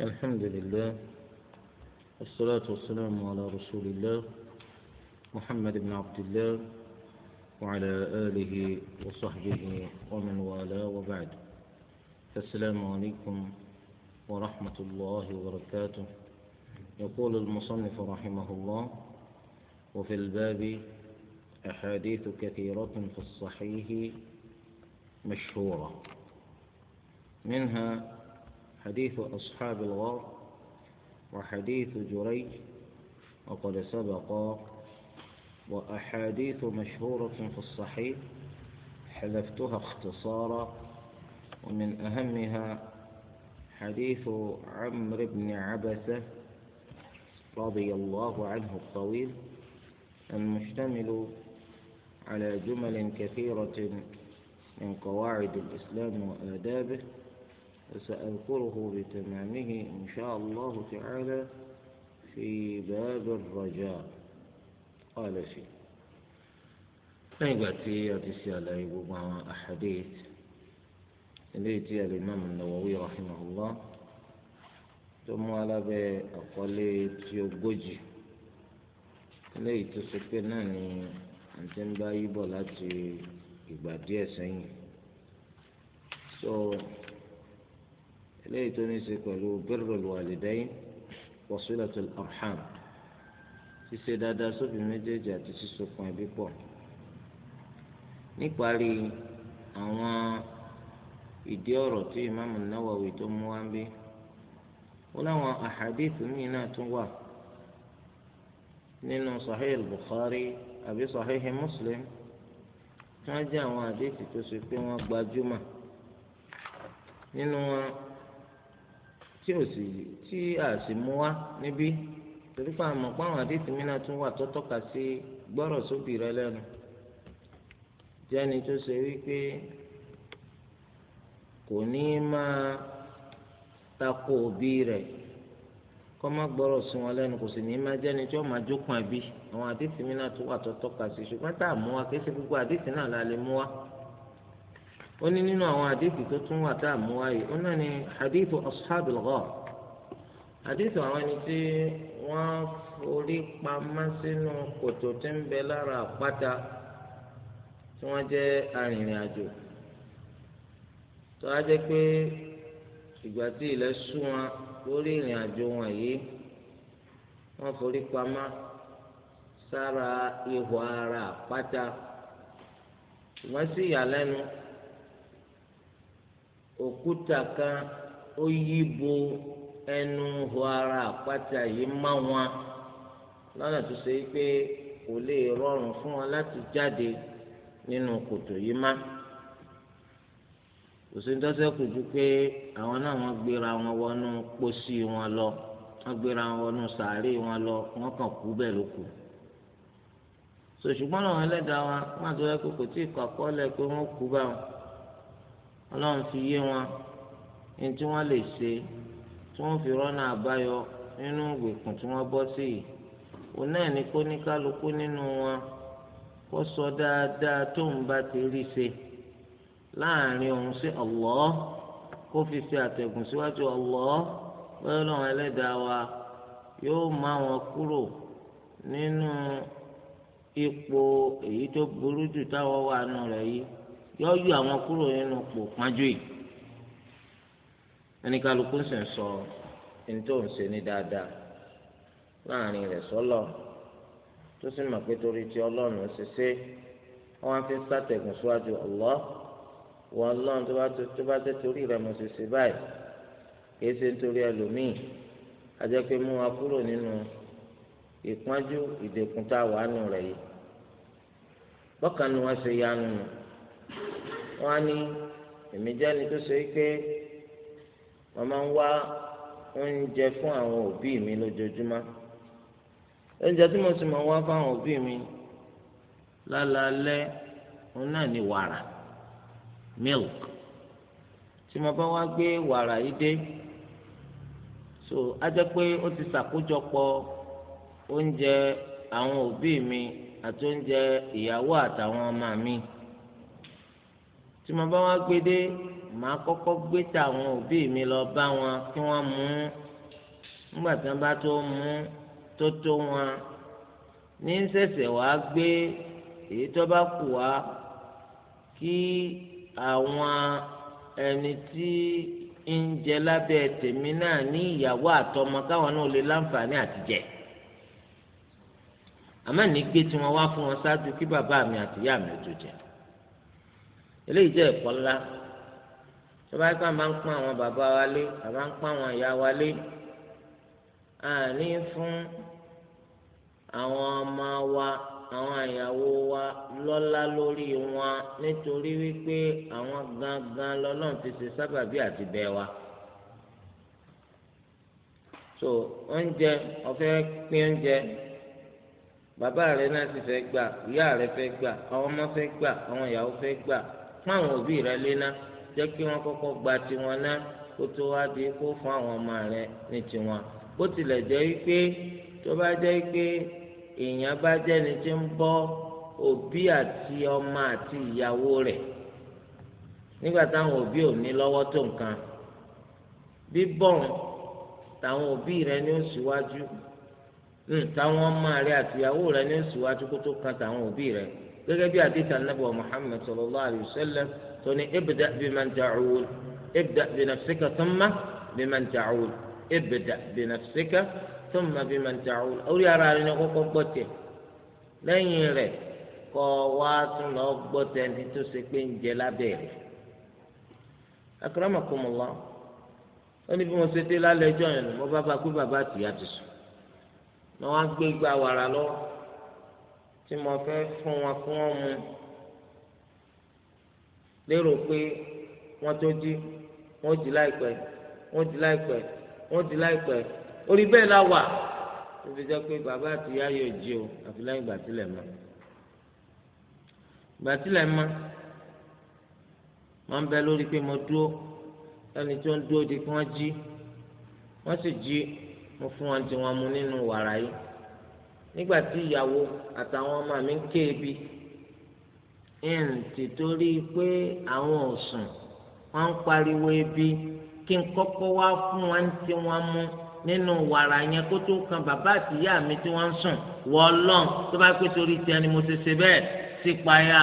الحمد لله والصلاة والسلام على رسول الله محمد بن عبد الله وعلى آله وصحبه ومن والاه وبعد فالسلام عليكم ورحمة الله وبركاته يقول المصنف رحمه الله وفي الباب أحاديث كثيرة في الصحيح مشهورة منها حديث أصحاب الغار وحديث جريج وقد سبق وأحاديث مشهورة في الصحيح حذفتها اختصارا ومن أهمها حديث عمرو بن عبسة رضي الله عنه الطويل المشتمل على جمل كثيرة من قواعد الإسلام وآدابه وسأذكره بتمامه إن شاء الله تعالى في باب الرجاء قال شيء نيبات في رسالة مع أحاديث التي الإمام النووي رحمه الله ثم على بأقل يوجد eléyìí tó ṣe pé náà ni à ń tẹ́ so eléyìí tó ní í ṣe pẹ̀lú birrul walidayn wa silatul arham ṣíṣe dáadáa sóbì méjèèjì àti sísokùn ẹbí pọ̀ níparí àwọn ìdí ọ̀rọ̀ tí ìmáàmù Nawawi tó mú wá ń bí ó láwọn àhàdíìtì míì náà tún wà nínú sahih Bukhari àbí sahih Muslim tí wọ́n jẹ́ àwọn àdéhìtì tó ṣe pé wọ́n gbajúmọ̀ nínú wọn tí ò sì tí a sì mú wá níbí torí pé àmọ́ pé àwọn àdéhùn mi náà tún wà tó tọ́ka sí gbọ́rọ̀ sóbì rẹ lẹ́nu jẹ́ni tó ṣe wípé kò ní máa tako òbí rẹ̀ kọ́ má gbọ́rọ̀ sí wọn lẹ́nu kò sì ní máa jẹ́ni tí wọ́n máa jókòó àbí àwọn àdéhùn mi náà tún wà tó tọ́ka sí ṣùgbọ́n tá a mú wa kí ṣe gbogbo àdéhùn náà la lè mú wa ó ní nínú àwọn àdéhùn tó tún wà tá a mú wáyé ó náà ní àdéhùn ashabil ghar àdéhùn àwọn ẹni tí wọ́n forí pamọ́ sínú kòtò tí ń bẹ lára àpáta tí wọ́n jẹ́ arìnrìn àjò tó a jẹ́ pé ìgbà tí ilẹ̀ sú wọn lórí ìrìn àjò wọn yìí wọ́n forí pamọ́ sára ihò ara àpáta ṣùgbọ́n sí ìyàlẹ́nu. òkúta kan ó yí bo ẹnu ihò ara àpáta yìí má wọn lọ́nà tó ṣe pé kò lè rọrùn fún wọn láti jáde nínú kòtò yìí má òsèǹtọ́sẹ́ kò ju pé àwọn náà wọ́n gbéra wọn wọnú pósí wọn lọ wọ́n gbéra wọn wọnú sàárè wọn lọ wọ́n kàn kú bẹ́ẹ̀ ló kù sòṣùgbọ́n ẹlẹ́dàá wa kò tí ì kọ́ akọ́lẹ̀ pé wọ́n ọlọ́run fi yé wọn ní tí wọ́n lè ṣe tí wọ́n fi rọ́nà àbáyọ nínú ìgbèkùn tí wọ́n bọ́ sí yìí òun náà ni kó ní kálukú nínú wọn kó sọ dáadáa ń bá ti rí ṣe láàrin òun sí Allah kó fi àtẹ̀gùn síwájú lọ́wọ́ ẹlẹ́dàá wa yóò má wọn kúrò nínú ipò èyí tó burú jù táwọn wà nù rẹ̀ yìí. yọ yọ àwọn kúrò nínú pò pọ́njú yìí ẹni kálukú ń sìn sọ ẹni tó ń ṣe ní dáadáa láàrin rẹ̀ sọ́lọ̀ tó sì mọ̀ pé torí ti ọlọ́run ṣe ṣe wọ́n á fi sàtẹ̀gùn síwájú ọ̀lọ́ wọ́n ọlọ́run tó bá tẹ́ torí rẹ̀ mo ṣe ṣe báyìí kìí ṣe nítorí ẹlòmíì ajẹ́ pé mú wa kúrò nínú ìpọ́njú ìdẹ̀kùn tá a wà nù rẹ̀ yìí bọ́kànlú wọn ṣe yanu nù. wọn á èmi jẹ́ ni tó sọ pé wọ́n máa ń oúnjẹ fún àwọn òbí mi lójoojúmọ́ oúnjẹ tí mo sì máa wá fún àwọn òbí mi lálaalẹ́ òun náà ni wàrà milk tí mo bá wá gbé wàrà yìí so á jẹ́ pé ó ti ṣàkójọpọ̀ oúnjẹ àwọn òbí mi àti oúnjẹ ìyàwó àtàwọn ọmọ mi. tí mo bá wá gbé dé màá kọ́kọ́ gbé tàwọn òbí mi lọ bá wọn kí wọ́n mú un nígbà tí wọ́n bá tó mú un tó tó wọn ní sẹ̀sẹ̀ wá gbé èyí tó bá kù wá kí àwọn ẹni tí ń jẹ lábẹ́ tèmi náà ní ìyàwó àtọmọ káwọn náà lè láǹfààní àtijẹ àmọ́ ní gbé tí wọ́n wá fún wọn ṣáájú kí bàbá mi àtìyá mi tó jẹ eléyìí jẹ́ ẹ̀kọ́ ńlá tó bá gbà máa ń pọ́n àwọn bàbá wa lé àbá ń pọ́n àwọn ìyá wa lé àní fún àwọn ọmọ wa àwọn àyàwó wa lọ́lá lórí wọn nítorí wípé àwọn gangan lọ́lọ́run ti ṣe sábàbí àti bẹ́ẹ̀ wa so oúnjẹ ọ̀fẹ́ pín oúnjẹ bàbá rẹ náà sì fẹ́ gbà ìyá rẹ fẹ́ gbà àwọn ọmọ fẹ́ gbà àwọn ìyàwó fẹ́ gbà fún àwọn òbí rẹ léná jẹ́ kí wọ́n kọ́kọ́ gba tiwọn ná kó tó wá di kó fún àwọn ọmọ rẹ ní tiwọn bó tilẹ̀ jẹ́ pé tó bá jẹ́ pé èèyàn bá jẹ́ni tí ń bọ́ òbí àti ọmọ àti ìyàwó rẹ̀ nígbà táwọn òbí ò ní lọ́wọ́ tó nǹkan bíbọ̀n táwọn òbí rẹ ní ó síwájú táwọn ọmọ rẹ àti ìyàwó rẹ ní ó síwájú kó tó kan táwọn òbí rẹ gẹ́gẹ́ bí àdìsí anábì wa muhammed sallallahu alayhi wa sallam tó ní ibda biman ta'ul ibda binafsika thumma biman ta'ul ibda binafsika thumma biman ta'ul orí ara rẹ ní kọ́kọ́ gbọ́ tiẹ̀ lẹ́yìn rẹ̀ kọ́ wá tún lọ gbọ́ tiẹ̀ ní tó ṣe pé ń jẹ lábẹ́ rẹ̀ akramakumullah ó yẹn mo bá bá bàbá àtìyá ti sùn mo gbé gbá wàrà lọ́wọ́ tí mo fẹ́ fún wọn kí wọ́n mu lérò pé wọ́n tó jí wọ́n jí láìpẹ́ wọ́n jí láìpẹ́ wọ́n jí láìpẹ́ orí bẹ́ẹ̀ la wà tó fi jẹ́ pé bàbá àti ìyá yóò jí o àfi lẹ́yìn ìgbà tílẹ̀ mọ́ ìgbà tílẹ̀ mọ́ wọ́n ń bẹ lórí pé mo dúró ẹni tó ń dúró di kí wọ́n jí wọ́n sì jí mo fún wọn tí wọ́n mu nínú wàrà yìí nígbà tí ìyàwó àtàwọn ọmọ mi ń ké ebi ń tìtorí pé àwọn ọ̀sùn wọn ń pariwo ebi kí n kọ́kọ́ wá fún wọn tí wọ́n mú nínú wàrà yẹn kó tó kan bàbá àti ìyá mi tí wọ́n ń sùn wọ́ ọlọ́n tó bá pé torí tiẹ̀ ni mo ṣe ṣe bẹ́ẹ̀ sípayà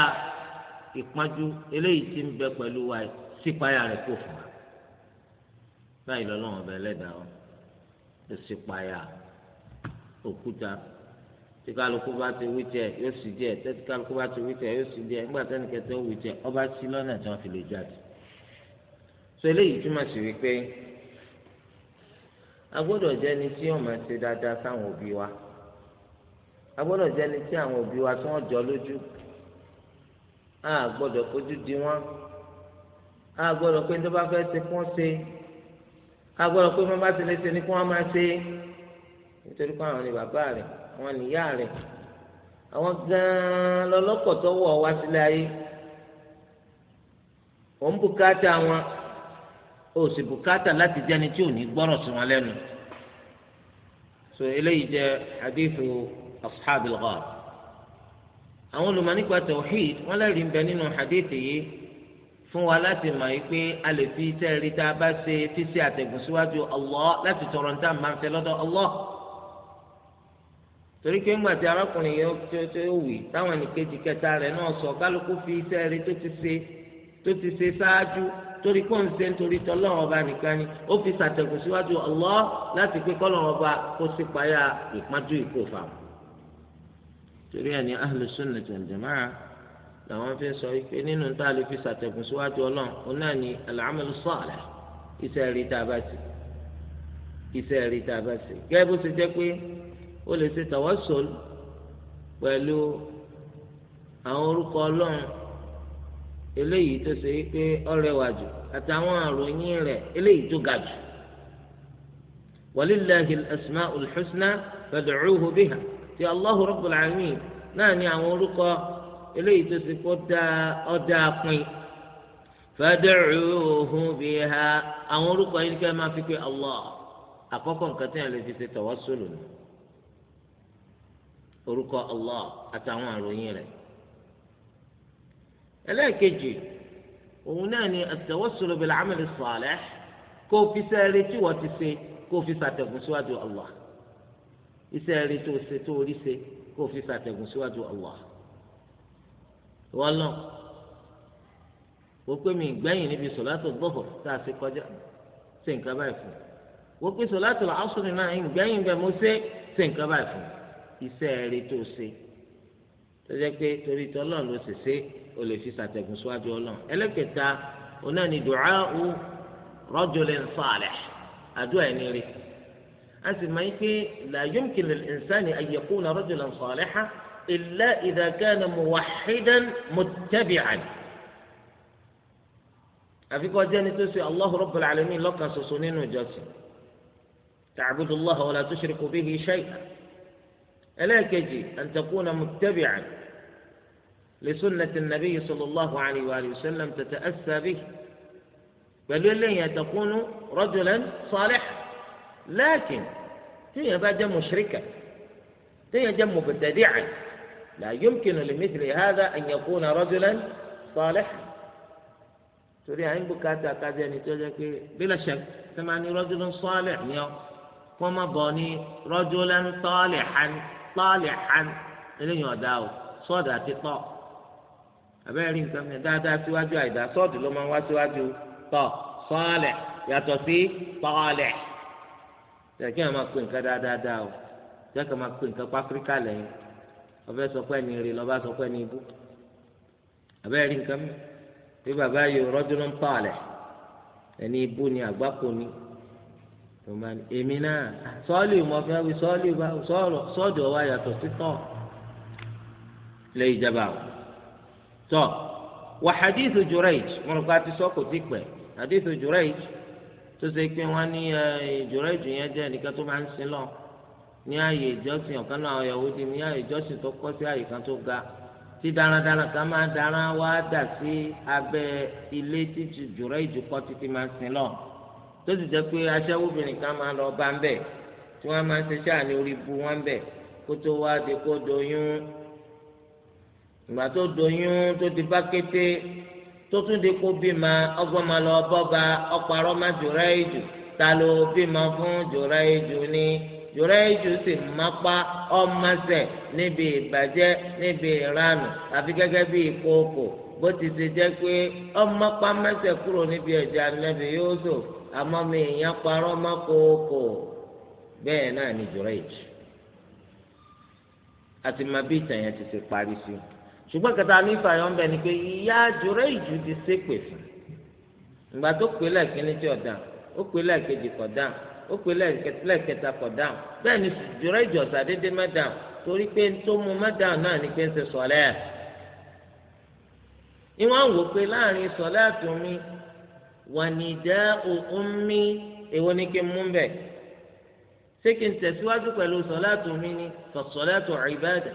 ìpọ́njú eléyìí tí ń bẹ pẹ̀lú wa sípayà rẹ̀ kò fún wa báyìí lọ́lọ́run ọba ẹlẹ́dàá ó sípayà òkúta tí kálukú bá ti wí tiẹ̀ yóò sì díẹ̀ tẹ́tí kálukú bá ti wí tiẹ̀ yóò sì díẹ̀ nígbà tẹ́ni kẹtẹ́ ó wí tiẹ̀ ọba sí lọ́nà tí wọ́n fi lè jáde. sọ eléyìí túmọ̀ sí wípé a gbọ́dọ̀ jẹ́ ni tí yóò máa ṣe dáadáa sáwọn òbí wa a gbọ́dọ̀ jẹ́ ni tí àwọn òbí wa tí wọ́n jọ lójú a gbọ́dọ̀ kojú di wọn a gbọ́dọ̀ pé tó bá fẹ́ ṣe kí wọ́n ṣe a gbọ́dọ̀ pé wọ́n bá ti lè ṣe ni kí wọ́n máa ṣe nítorí pé àwọn ni bàbá rẹ̀ àwọn nìyá rẹ̀ àwọn gan-an lọ́lọ́kọ̀ tó wọ̀ wá sílẹ̀ ayé wọ́n ń bùkátà wọn ó sì bùkátà láti jẹ́ni tí ò ní gbọ́rọ̀ sí wọn lẹ́nu so eléyìí jẹ́ hadithu ashabil ghar àwọn olùmọ̀ nípa tawhid wọ́n lẹ́rìí ń bẹ nínú hadithi yìí fún wa láti mọ̀ yìí pé a lè fi iṣẹ́ rí tá a bá ṣe fi ṣe àtẹ̀gùn síwájú Allah láti tọrọ ní máa ń fẹ́ lọ́dọ̀ Allah torí pé ńgbà tí arákùnrin yẹn tó tó wì táwọn ẹnìkejì kẹta rẹ̀ náà sọ kálukú fi iṣẹ́ rẹ̀ tó ti ṣe tó ti ṣe ṣáájú torí kó ń ṣe nítorí tọ́lọ́run ọba nìkan ni ó fi ṣàtẹ̀kùn síwájú Allah láti pé kọ́lọ́run ọba kó sì payá ìpájú ìkófà torí ẹni ahlus sunnah wal jamaa làwọn fi sọ pé nínú tá a lè fi ṣàtẹ̀kùn síwájú Ọlọ́run ó náà ní al-amalu salih rí tá a bá ṣe iṣẹ́ rí tá a bá ṣe gẹ́gẹ́ ó lè ṣe tawassul pẹ̀lú àwọn orúkọ ọlọ́run eléyìí tó ṣe pé ọrẹwà jù àtàwọn àròyìn rẹ̀ eléyìí tó ga jù walillahi al-asma'ul husna fad'uhu biha ti Allahu rabbul alamin náà ni àwọn orúkọ eléyìí tó ṣe kó ọdá pin fad'uhu biha àwọn orúkọ yìí kẹ́ máa fi pé Allah àkọ́kọ́ nǹkan tí wọ́n lè fi ṣe tawassulu ni orúkọ Allah àtàwọn àròyìn rẹ̀ ẹlẹ́ẹ̀kejì òun náà ni at-tawassul bil-amal as-salih kó fi sẹ́ẹ̀rì tí wọ́n ti ṣe kó fi ṣàtẹ̀gùn síwájú Allah iṣẹ́ rí tó ṣe tó rí ṣe kó fi ṣàtẹ̀gùn síwájú Allah wọ́n lọ wọ́n pé mi gbẹ́yìn níbi sọ̀látò gbọ́fọ̀ tá a ṣe kọjá ṣe nǹkan báyìí fún wọ́n pé sọ̀látò àṣùrì náà iṣẹ́ rẹ tó ṣe tó jẹ́ pé torí tí ọlọ́run ló ṣèṣe o lè fi ṣàtẹ̀gùn síwájú ọlọ́run ẹlẹ́kẹta ọ̀nà ni dùá o rajulin salih àdúrà ẹni rẹ a sì máa ń pé la yumkin al-insani an yakuna rajulan salihan illa idha kana muwahhidan muttabi'an àfi kọ́ jẹ́ni tó ṣe Allahu Rabbul Alamin lọ́kàn ṣoṣo nínú ìjọsìn ta'budu Allah wa la tushriku bihi shay'an. ألا يجي أن تكون متبعا لسنة النبي صلى الله عليه وآله وسلم تتأسى به بل إليه تكون رجلا صالحا لكن هي بعد مشركة هي جم مبتدعا لا يمكن لمثل هذا أن يكون رجلا صالحا تري عين بكاتا كازيني تجاكي بلا شك ثماني رجل صالح يا وما بني رجلا صالحا salihan eléyìí ọ̀dà o sọ́ọ̀dù àti tọ́ abẹ́rẹ́ rí nǹkan mìíràn dáadáa síwájú àìdá sọ́ọ̀dù ló máa ń wá síwájú tọ́ salih yàtọ̀ sí salih jẹ́kí àwọn máa o máa pè nǹkan lẹ́yìn ọbẹ̀ sọ pé ẹni lọ́ba sọ pé ẹni ibú rí nǹkan bí bàbá yìí ló ń ẹni ibú ni àgbákò tòmá ni èmi náà sọ́ọ̀lì mo fẹ́ wí sọ́ọ̀lì bá sọ́ọ̀rọ̀ sọ́ọ̀dọ̀ wa yàtọ̀ títọ̀ lè ìjàmbá o tọ́ wà hadithu Jurayj wọn rò pé a ti sọ kò tí pẹ́ hadithu Jurayj tó ṣe pé wọ́n ní Jurayj yẹn jẹ́ ẹnìkan tó máa ń sin lọ ní ààyè ìjọsìn ọ̀kan náà Yahudi ní ààyè ìjọsìn tó kọ́ sí ààyè kan tó ga tí darandaran kan máa daran wá dà sí abẹ́ ilé tí Jurayj kọ́ títí máa sin lọ́ọ̀ tó sì jẹ́ pé aṣẹ́wóbìnrin kan máa lọ bá ń bẹ̀ tí wọ́n máa ń ṣiṣẹ́ àní orí bu wọn ń bẹ̀ kó tó wá di kó doyún ìgbà tó doyún tó di bá kété tó tún di kó bímọ ọgbọ́n máa lọ bọ́ba ọparọ́ má jòrá ìjù ta ló bímọ fún jòrá ìjù ni jòrá ìjù sì mápá ọmọ sẹ̀ níbi ìbàjẹ́ níbi ìranù àfi gẹ́gẹ́ bí ìkookò bó ti ṣe jẹ́ pé ọmọ pamẹ́sẹ̀ kúrò níbi ẹ̀jẹ̀ ànábì Yusuf àmọ́ mi ìyẹn parọ́ mọ́ kókó bẹ́ẹ̀ náà ni jùrẹ́jì àti máa bí ìtàn yẹn ti ṣe parí sí ṣùgbọ́n kẹta ń bẹ ni pé ìyá jùrẹ́jì ti ṣépè fún ìgbà tó pè lẹ́ẹ̀kínní tí ọ̀dà ó pè lẹ́ẹ̀kejì kọ̀ ó ọ̀sà déédéé torí pé tó mu náà ni pé ń ṣe ìwọ́n wò pé láàrin sọ̀láàtù mi wà ní ìdá òun mi èwo ni kí n mú bẹ̀ ṣé kí n tẹ̀síwájú pẹ̀lú sọ̀láàtù mi ni sọ̀láàtù ìbádà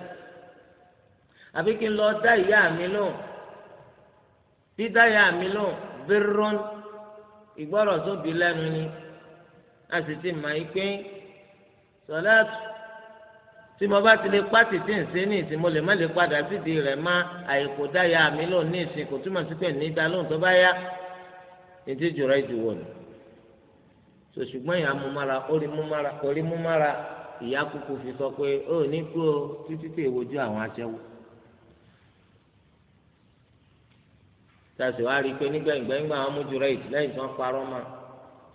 àbí kí n lọ dá ìyá mi lóhùn dídá ìyá mi lóhùn bírún ìgbọ́rọ̀ sóbi lẹ́nu ni a sì ti mọ̀ yí pé sọ̀láàtù tí mo bá ti lè pa títí ń sin ní ìsìn mo lè má lè padà sídìí rẹ̀ má àìkò dáyà mi lòun ní ìsìn kò túmọ̀ sí pé ní lóhùn tó bá yá ètí ìjọra ìjòwò nù so ṣùgbọ́n ìyá mú mára orí mú mára orí mú mára ìyá kúkú fi sọ pé ó ní kú o títí tí èwojú àwọn aṣẹ́wó tàṣì wá rí i pé nígbàgbẹ́ngbà wọn mú jùlọ ìdí lẹ́yìn tí wọ́n parọ́ mọ́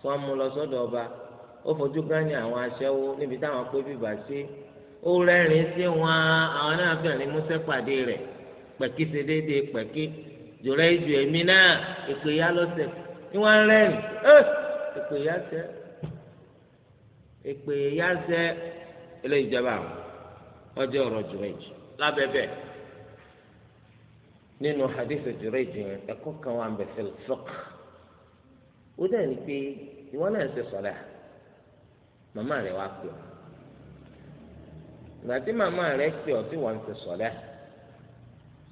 tí wọ́n mú lọ sọ́dọ̀ ọba ó fojú ó rẹ́rìn sí wọn àwọn náà bẹ̀rẹ̀ músẹ́ pàdé rẹ̀ pẹ̀kí ṣe déédéé pẹ̀kí jòrò ìjù èmi náà èpè ya lọ́sẹ̀ ni wọ́n rẹ́rìn èpè ya sẹ́ èpè ya sẹ́ eléyìí jẹba àwọn ọjọ́ ọ̀rọ̀ jòrò ìjù lábẹ́bẹ́ nínú hadith jòrò ìjù yẹn ẹ̀kọ́ kan wà ń fẹ́ ó dẹ̀ ni pé ìwọ náà ń ṣe sọ́lá màmá rẹ̀ ìgbà màmá rẹ ti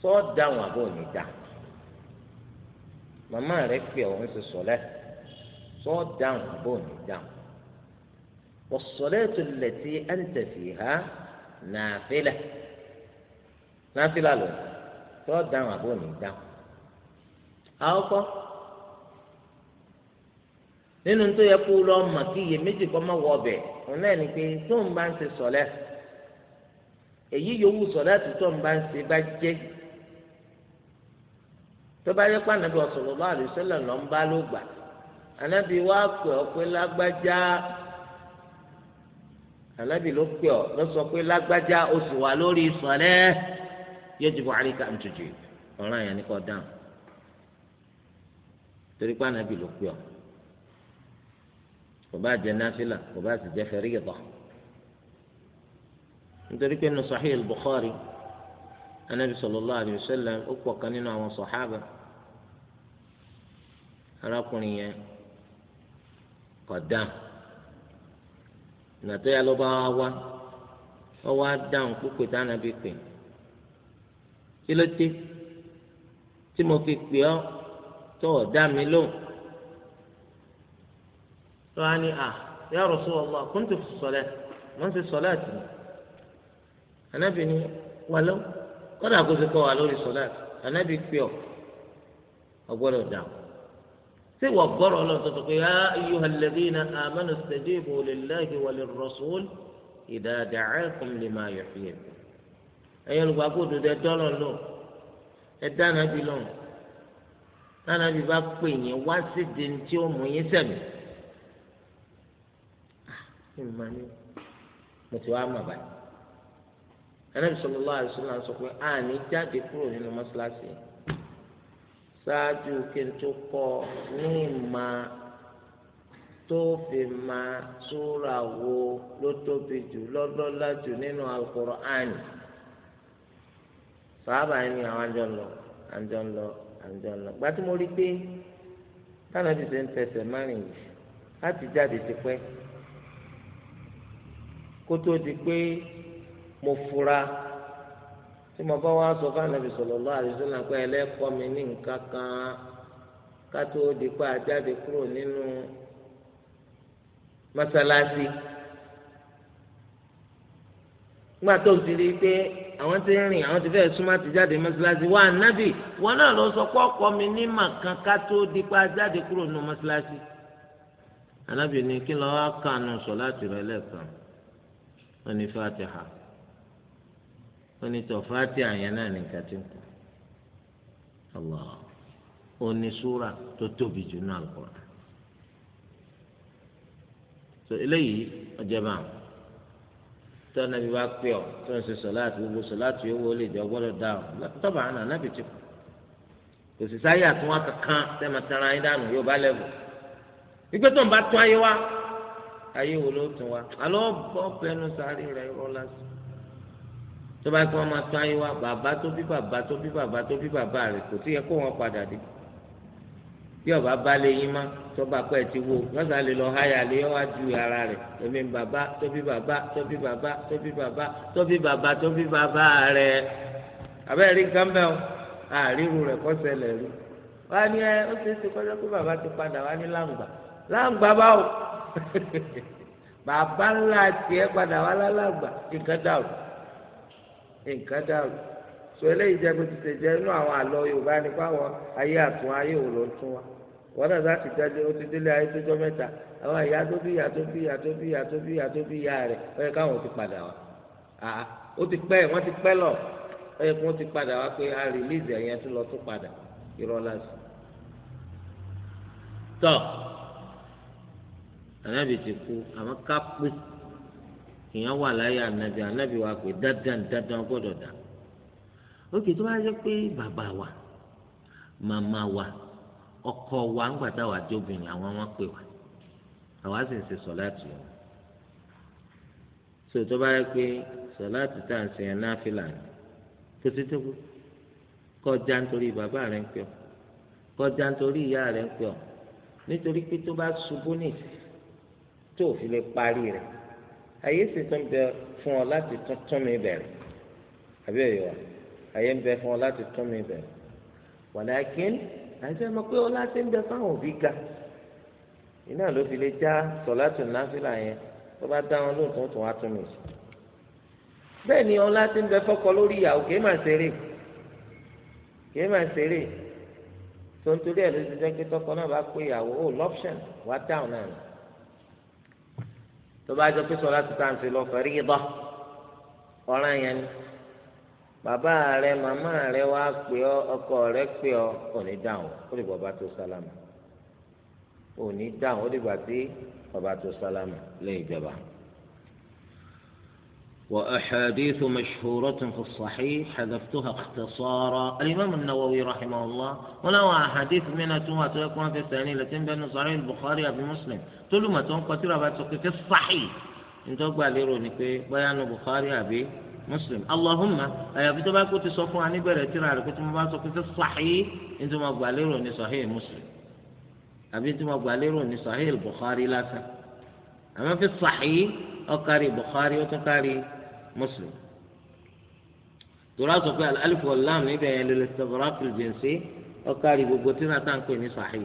sọ dáhùn àbọ̀ ò ní màmá rẹ ti sọ dáhùn àbọ̀ ò ní dá wọ́sọ̀lẹ́ tó lẹ̀ tí ẹ̀ ha nàfẹ́lẹ̀ lọ sọ dáhùn àbọ̀ ò ní dá nínú tó yẹ kó mà kí iye méjì kọ́ máa wọ ọbẹ̀ òun náà pé tóun bá èyí yòówù sọ̀láàtì tó ń bá ń ṣe bá jẹ́ tó bá yẹ pàǹdàbí sallallahu alaihi wasallam lọ ń bá ló gbà anábì wá pè ọ́ pé lágbájá anábì ló pè ọ́ ló sọ pé lágbájá o sì wà lórí sọ̀lẹ́ yajibu alayka an tujib ọ̀ràn yẹn ni kò dáhùn torí pàǹdàbí ló pè ọ́ kò bá jẹ náfìlà kò bá sì jẹ fẹ́ríyẹ̀ tán nítorí pé nínú sahih al-bukhari anabi sallallahu alayhi wa sallam ó pọ̀ kan nínú àwọn sọ̀hábà arákùnrin yẹn kò dáhùn nàtọ́ yà ló bá wá wá ó wá dáhùn púpẹ̀ tá anabi pè kí ló dé tí mo fi pè ọ́ tó o dá mi lóhùn lọ́wọ́ á ní à ya Rasulullah kuntu fi sọ̀lẹ́ mo ń ṣe sọ̀lẹ́ àtìmọ́ anabi ni wàlọ kódà kó ti kọ wà lórí sọlá anabi pè ọ ọgbọ́dọ̀ dáhùn ṣé wà gbọrọ lọ sọsọ pé ya ayyuhal ladhina amanu istajibu lillahi walir rasul idha da'akum lima yuhyikum ẹ̀yin olùgbàgbọ́ òdodo ẹdọ lọ lọ ẹdá anabi lọ anabi bá pè yín wá sí di tí ó mú yín sẹmí ìmọ̀ ah, ni mo ti wá mọ̀ báyìí. Ànábì sallallahu alaihi wasallam sọ pé àní jáde kúrò nínú mọ́ṣáláṣí ṣáájú kí n tó kọ́ ní ìmọ̀ tó fi máa súra wo ló tóbi jù lọ́lọ́lá jù nínú Al-Qur'an sàábà ni àwọn àjọ ń lọ àjọ ń lọ àjọ ń lọ gbàtí mo rí pé táwọn ti ṣe ń fẹsẹ̀ márùn yìí láti jáde ti pẹ́ kó tó di pé mo fura tí mo bá wá sọ fún anabi sallallahu alaihi wasallam pé ẹlẹ́kọ́ mi ní nǹkan kan ká tó di pa àjáde kúrò nínú mọ́sálásí nígbà tó ń ti rí i pé àwọn ti rìn àwọn ti fẹ́ súnmọ́ àti jáde mọ́sálásí wá nábì wọn náà ló sọ pé ọkọ mi ní màkàn ká di pa jáde kúrò nínú mọ́sálásí. anábì ní kí lọ́wọ́ kànú sọ láti rẹ lẹ́ẹ̀kan wọn ní fatiha. ó ní anya náà nìkan Allah ó tó tóbi jù náà so eléyìí ọjọ́ anabi bá pè ọ sọláàtì gbogbo sọláàtì owó lè jẹ ọgbọ́dọ̀ dá ọ tọba àná anabi ti kù kò sì sáyé àtúnwá kankan tẹmọ tẹran ayé dànù yóò bá lẹbù ìgbé tó ń bá ayé wa ayé wo ló tún wa alọ bọ tó bá kí wọn máa tún ayé wa bàbá tó bí bàbá tó bí bàbá tó bí bàbá rẹ kò tí yẹ kó wọn padà dé bí ọba bá lè yín má tó bá pẹ́ ti wo lọ́sàá lè lọ háyà lé ọ́ wá ju ara rẹ̀ èmi bàbá tó bí bàbá tó bí bàbá tó bí bàbá tó bí bàbá tó bí bàbá rẹ̀ àbẹ́ rí nǹkan bẹ́ẹ̀ o àríwú rẹ̀ kọ́ sẹlẹ̀ rí wá ní ẹ ó ṣe é ṣe kọ́jọ́ pé bàbá ti padà wá ní láǹgbà láǹgbà báwo bàbá ńlá tiẹ̀ padà wá lálàgbà nǹkan nǹkan dàrú sọ eléyìí jẹ́ bó ti ṣe jẹ́ inú àwọn àlọ́ yorùbá ni fáwọn ayé àtún ayé wa wọn náà láti jáde ó ti délé ayé tó jọ mẹ́ta àwọn ìyá tó bí ìyá tó bí ìyá tó bí ìyá tó bí ìyá tó bí ìyá ti padà wá àá ó ti ti lọ ó ti padà wá pé a rìlíìsì ẹ̀yẹn tó lọ tó padà ìyẹn wà láyé ànábì ànábì wa pé dandan dandan gbọ́dọ̀ dà òkè tó bá yẹ pé bàbá wa màmá wa ọkọ wa ńgbà táwa jóbìnrin àwọn wọn pè wá àwa sì ń ṣe sọláàtì wọn so tó bá yẹ pé sọláàtì tá à ń ṣe yẹn náfìlà ni tó ti tó kọjá nítorí bàbá rẹ ń pè ọ kọjá nítorí ìyá rẹ ń pè ọ nítorí pé tó bá ṣubú nìyí tó ò fi lè parí rẹ ayé sì tún bẹ fún ọ láti tún mi bẹ̀rẹ̀ àbí ẹ̀yọ́ wa ayé ń bẹ fún ọ láti tún mi bẹ̀rẹ̀ wàlákin àti ẹ̀ mọ̀ pé ọ láti ń bẹ fáwọn òbí ga iná ló fi lè já sọ̀látù náfìlà yẹn tó bá dá lóòótọ́ tó wá tún mi sí bẹ́ẹ̀ ni ọ láti ń bẹ fọ́kọ lórí ìyàwó kì í máa ṣeré kì í máa ṣeré tó ń torí ẹ̀ ló ti jẹ́ pé tọkọ náà bá pé ìyàwó ó oh, lọ́pṣẹ̀n wá dáhùn náà tó bá jọ pé sọlá ti tà ń ṣe lọ fẹrí yíbọ ọ̀ràn yẹn ni bàbá rẹ màmá rẹ wá pè ọ ọkọ rẹ pè ọ òní dáhùn ó lè bọ̀ bá tó sálámà òní dáhùn ó lè bàtí ọba tó sálámà lẹ́yìn ìjọba. وأحاديث مشهورة في الصحيح حذفتها اختصارا الإمام النووي رحمه الله ولو أحاديث من توما تكون في الثانية التي بين صحيح البخاري أبي مسلم تقول ما تكون قتيرة في الصحيح أنت أقبل روني في بيان البخاري أبي مسلم اللهم في تبا كنت صفو عني بريتيرا كنت مباسو في الصحيح أنت ما أقبل صحيح مسلم أبي أنت ما أقبل صحيح البخاري لا أما في الصحيح أقاري بخاري وتقاري muslim tora sọ pé alifu ọlọ́run níbẹ̀ yẹn lè sọ̀rọ̀ àpèjẹ̀nsẹ̀ ọkàrí gbogbo tí náà tàn pé ní sàhí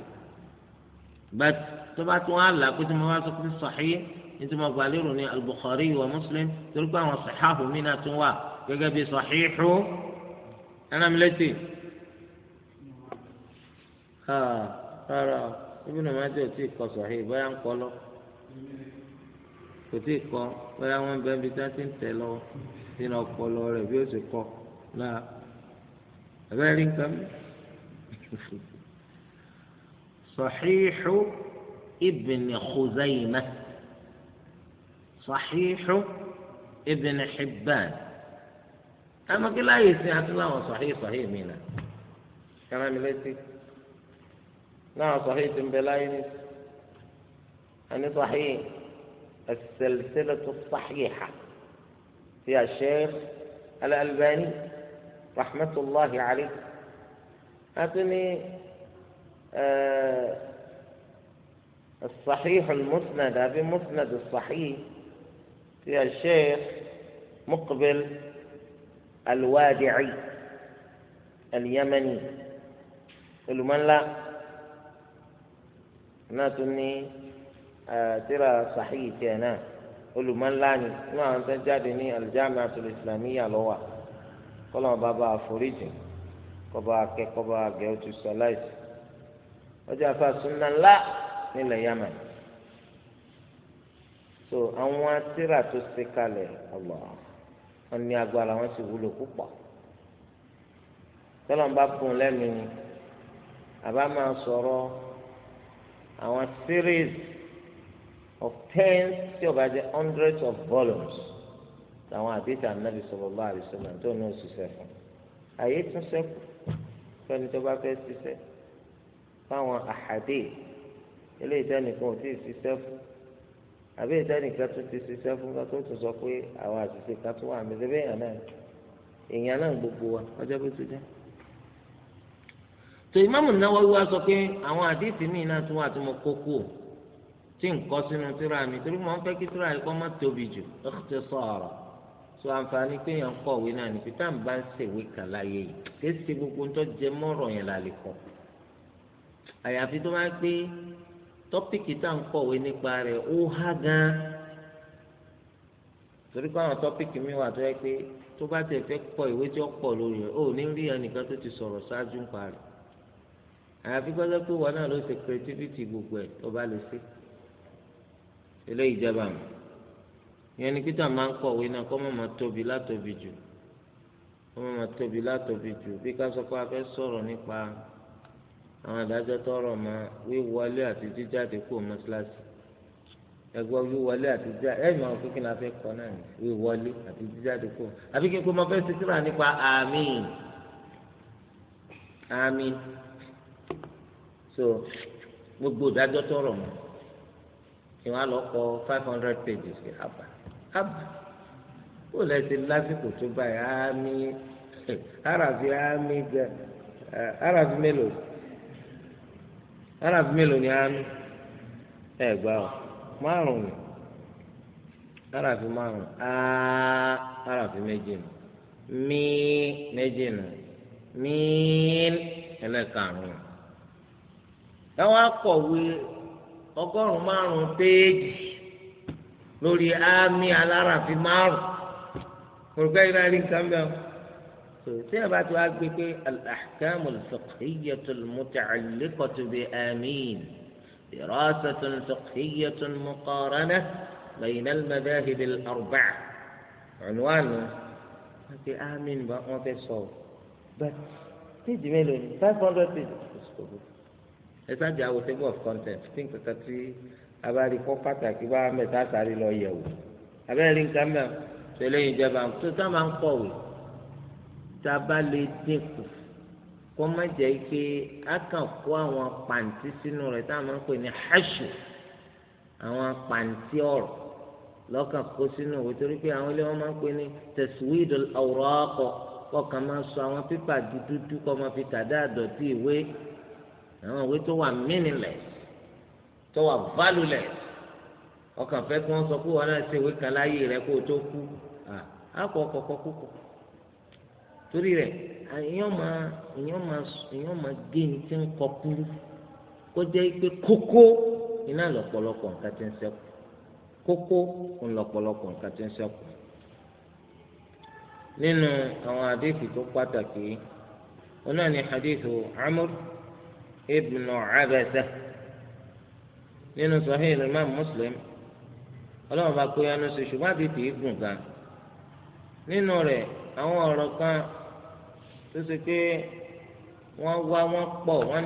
bàt tó bá tún á là kó tí mo bá sọ pé sàhí ní tí mo gbà lérò ní al-Bukhari wa Muslim torí pé àwọn sàháfù mi náà tún wà gẹ́gẹ́ bí sàhíhù ẹnàmìlẹ́tì rárá Ibn Majah ò tí ì kọ sàhí bóyá ń kọ lọ. kò tí ì kọ bóyá wọn bẹ ibi tí wọn ti ń tẹ lọ́wọ́ sínú ti rẹ te lọ nínú opolo sì kọ ti ko abẹ́rẹ́ rí nǹkan mi. صحيح ابن خزيمة صحيح ابن حبان أما كلا يسمع الله صحيح صحيح مينا كما ملتي لا صحيح بلاين أنا صحيح السلسلة الصحيحة يا شيخ الألباني رحمة الله عليه أتني آه الصحيح المسند أبي مسند الصحيح يا شيخ مقبل الوادعي اليمني قالوا من لا ناتني tíra sàhíì tiẹ̀ náà olùmọ̀láni nínú àwọn tó jáde ní al-Jami'atul Islamiyya lọ́wọ́ kọ́lọ́mù bàbá àforíjì kọ́ba akẹ́kọ̀ọ́ba gẹ̀ẹ́tù sọláìsì ọjà afa ńlá nílẹ̀ Yemen so àwọn tíra tó ṣe kalẹ̀ ọ̀lọ́ wọn ní agbára wọn sì wúlò púpọ̀ tọ́lọ́mù bá bùn lẹ́mìí ni àbá máa sọ̀rọ̀ àwọn series of tens tí ó bá jẹ́ hundreds of volumes làwọn àdéhùn ànábì sallallahu alaihi wasallam tó ní òṣìṣẹ́ fún àyè tún ṣẹ́kù fẹ́ni tó bá fẹ́ ṣiṣẹ́ fáwọn àhàdé eléyìí tẹ́nìkan ò tí ì ṣiṣẹ́ fún àbí ìtẹ́nìkan tún ti ṣiṣẹ́ fún ká tó tún sọ pé àwọn àṣìṣe ká tún wà mí ṣe bẹ́ẹ̀ yàn náà èèyàn náà gbogbo wa ọjọ́ bó ti jẹ́ tó Imam Nawawi wá sọ pé àwọn àdéhùn míì náà tún wà tó mọ kókó o tí n kọ sínú tíra mi torí mo fẹ́ kí tíra yìí kọ́ má tóbi jù ikhtisara so àǹfààní pé yẹn ń kọ̀wé náà ní pété à ń bá ń ṣèwé kan láyé yìí kìí ṣe gbogbo tó jẹ mọ́rọ̀ yẹn là lè kọ́ àyàfi tó máa ń pé tọ́pìkì tá à ń kọ̀wé nípa rẹ̀ ó há gan torí pé àwọn tọ́pìkì mi wà tó yẹ pé tó bá tẹ̀ fẹ́ kọ ìwé tí ó pọ̀ lórí rẹ̀ ó ní rí ẹnìkan tó ti sọ̀rọ̀ ṣáájú ń parí àyàfi gbọ́dọ̀ pé wọn náà ló ṣe creativity gbogbo ẹ̀ tó bá lè ṣe eléyìí jẹba mi ìyẹn ni peter máa ń kọ̀wé náà kọ́ mọ̀mọ́ tóbi látòbi jù kọ́ mọ̀mọ́ tóbi látòbi jù bí ká sọ pé a fẹ́ sọ̀rọ̀ nípa àwọn adájọ́ tọrọ ma wíwọlé àti jíjáde kó mọ́ṣáláṣí ẹgbẹ́ wíwọlé àti jíjáde ẹ̀yìn àwọn kékeré la fẹ́ kọ́ náà ní wíwọlé àti jíjáde kó àbí kí n kó mọ fẹ́ sísíra nípa àmín àmín so gbogbo ìdájọ́ tọrọ mọ́ ìwọ̀n á kọ five hundred pages kì haba haba ó lẹ́sẹ̀ lásìkò tó báyìí àmì àràfi àmì gẹ àràfi mélòó àràfi mélòó ni àmì ẹ gbà ọ márùn ni àràfi márùn á àràfi méjì nù mí méjì nù mí ẹlẹ́karùn ẹ wá kọ̀wé. ogorun márùn-ún lórí àmì aláràfin márùn-ún olùkọ́ yii náà rí nǹkan bẹ́ẹ̀ o tí a bá ti wá gbé pé al-ahkam al-fiqhiyyah al-muta'alliqah bi amin dirasah fiqhiyyah muqaranah bayna al-madahib al-arba'a ọ̀nùwànù wọ́n ti àmì bá wọ́n fẹ́ sọ̀rọ̀ bẹ́ẹ̀ tíjì mélòó ni five hundred pages ẹ sáàjì àwọn table of contents tí nǹkan tí a bá rí kọ́ pàtàkì bá mẹ́ta sáré lọ yẹ̀ wò abẹ́rẹ́ nǹkan mẹ́ tẹ́lẹ̀ ìjọba tó tá máa ń kọ̀wé tá a bá lè dínkù kó má jẹ́ pé a kàn kó àwọn pàǹtí sínú rẹ̀ tá a máa ń pè ní haṣù àwọn pàǹtí ọ̀rọ̀ lọ́kàn kó sínú òwe torí pé àwọn ilé wọn máa ń pè ní tẹ̀síwìdì awraq kọ̀ọ̀kan máa sọ àwọn pépà dúdú kọ́ máa fi tàdá àdọ̀tí ìwé àwọn ìwé tó wà meaningless tó wà valueless ọkàn fẹ́ kí wọ́n sọ pé wọ́n náà ṣe ìwé kan láyé rẹ kó o tó kú àkọ kọ̀kọ́ kúkọ̀ torí rẹ̀ èèyàn máa èèyàn máa èèyàn máa gé ní tí ń kọ kúrú kó jẹ́ pé kókó iná lọ̀pọ̀lọpọ̀ nǹkan ti ń ṣẹ́kù kókó ńlọ̀pọ̀lọpọ̀ nǹkan ti ń ṣẹ́kù nínú àwọn àdéhùn tó pàtàkì onáà ní hadithu amúr. ابن عبسة nínú sọhíì imam muslim ọlọ́run bá kó yánú sí ṣùgbọ́n àbí tì í gùn gan nínú rẹ̀ àwọn ọ̀rọ̀ kan tó ṣe pé wọ́n wá wọ́n pọ̀ wọ́n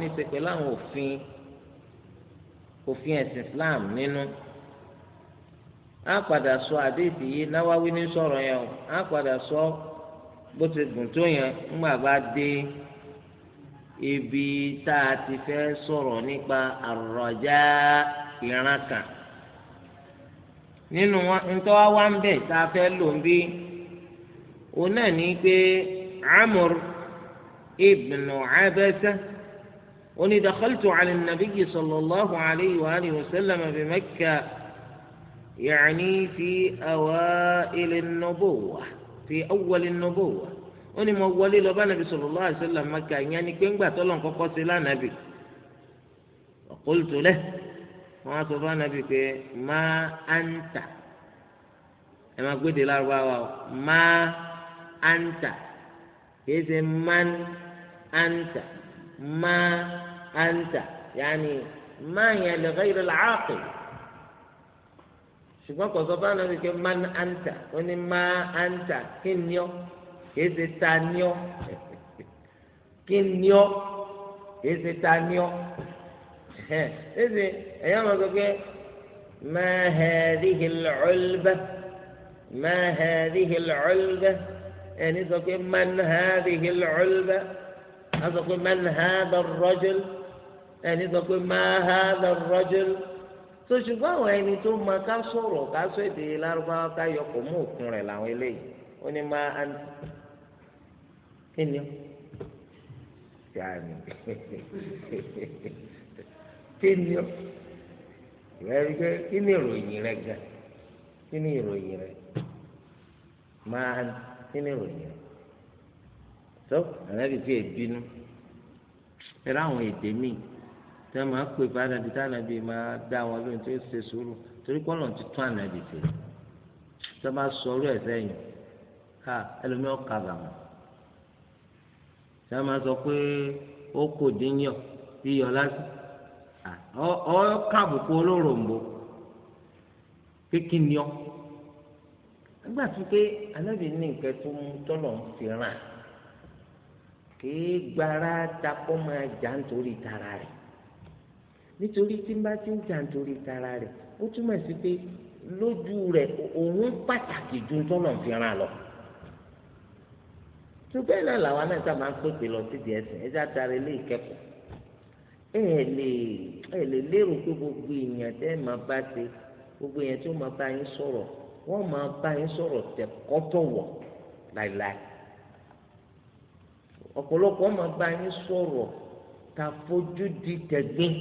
A sọ àdéhìí yìí ní o sọ bó ti gùn tó yẹn ńgbà bá ibi tá a ti fẹ́ sọ̀rọ̀ nípa àrọ̀já ìran kan nínú ntọ́ wa ń bẹ̀ tá a fẹ́ lò ń bí o náà ní pé amur ibn abasa oni dakhaltu ala nabiyyi sallallahu alayhi wa alihi wa sallam bi makka يعني في أوائل النبوة في أول wá. ó ní mo wọlé lọ bá nàbì sallallahu alaihi wasallam Mákà ìyẹn ni pé ńgbà tọ́lọ̀ kọ́kọ́ sí lánàbì qultu lahu wọn á sọ fún ànàbì pé má anta ẹ máa gbé de lárúbáwá o má anta kìí ṣe man anta má anta yàní má yẹn li ghayri al-aaqil ṣùgbọ́n kò sọ fún ànàbì pé man anta ó ní má anta kí ni ọ́ kìí ṣe ta ni ọ kí ni ọ kìí ṣe ta ni ọ ẹsẹ ẹyọ máa sọ pé máa hàdíhì lọ́ọ̀lbẹ máa hàdíhì lọ́ọ̀lbẹ ẹni sọ pé máa hàdíhì lọ́ọ̀lbẹ a sọ pé máa hàdà rọ́jòl ẹni sọ pé máa hàdà rọ́jòl tó ṣùgbọ́n àwọn ẹni tó máa ká sọ̀rọ̀ ká sọ èdè lárúbáwá ká yọ kò mú òkun rẹ̀ làwọn eléyìí ó ní máa kíni yaani kíni ìrẹ́rí pé kíni ìròyìn rẹ gan kíni ìròyìn rẹ máa kíni ìròyìn rẹ tó ànábì fi èbínú ẹ̀rọ àwọn èdè míì tẹ́ máa pè fún ànábì tí máa dá wọn lóhùn tí ó ṣe sùúrù torí ti tún ànábì sí tẹ́ máa sọ ọ̀rọ̀ ẹ̀ e sẹ́yìn ká ẹlòmíràn ṣé a máa sọ pé ó kò dínyàn iyọ̀ lásán ọ káàbùkù olóròǹbó kékin ni ọ nígbà tó pé anábì ní nǹkan tó ń tọ́lọ̀ ń fìràn kìí gbára takọ́ máa jà nítorí tara rẹ̀ nítorí tí n bá ti ń jà nítorí tara rẹ̀ ó túmọ̀ sí pé lójú rẹ̀ òun pàtàkì ju tọ́lọ̀ ń fìràn lọ ṣùgbọ́n náà làwọn náà sábà ń pèpè lọ síbi ẹ̀sìn ẹ̀sìn àtàrí ilé ìkẹ́kọ̀ọ́ ẹ̀ lè ẹ̀ lè lérò pé gbogbo èèyàn tẹ́ ẹ̀ máa bá ṣe gbogbo èèyàn tí ó máa bá yín sọ̀rọ̀ wọ́n máa bá yín sọ̀rọ̀ tẹ̀kọ́tọ̀wọ̀ láìláì ọ̀pọ̀lọpọ̀ máa bá yín sọ̀rọ̀ ta fojú di tẹ̀gbín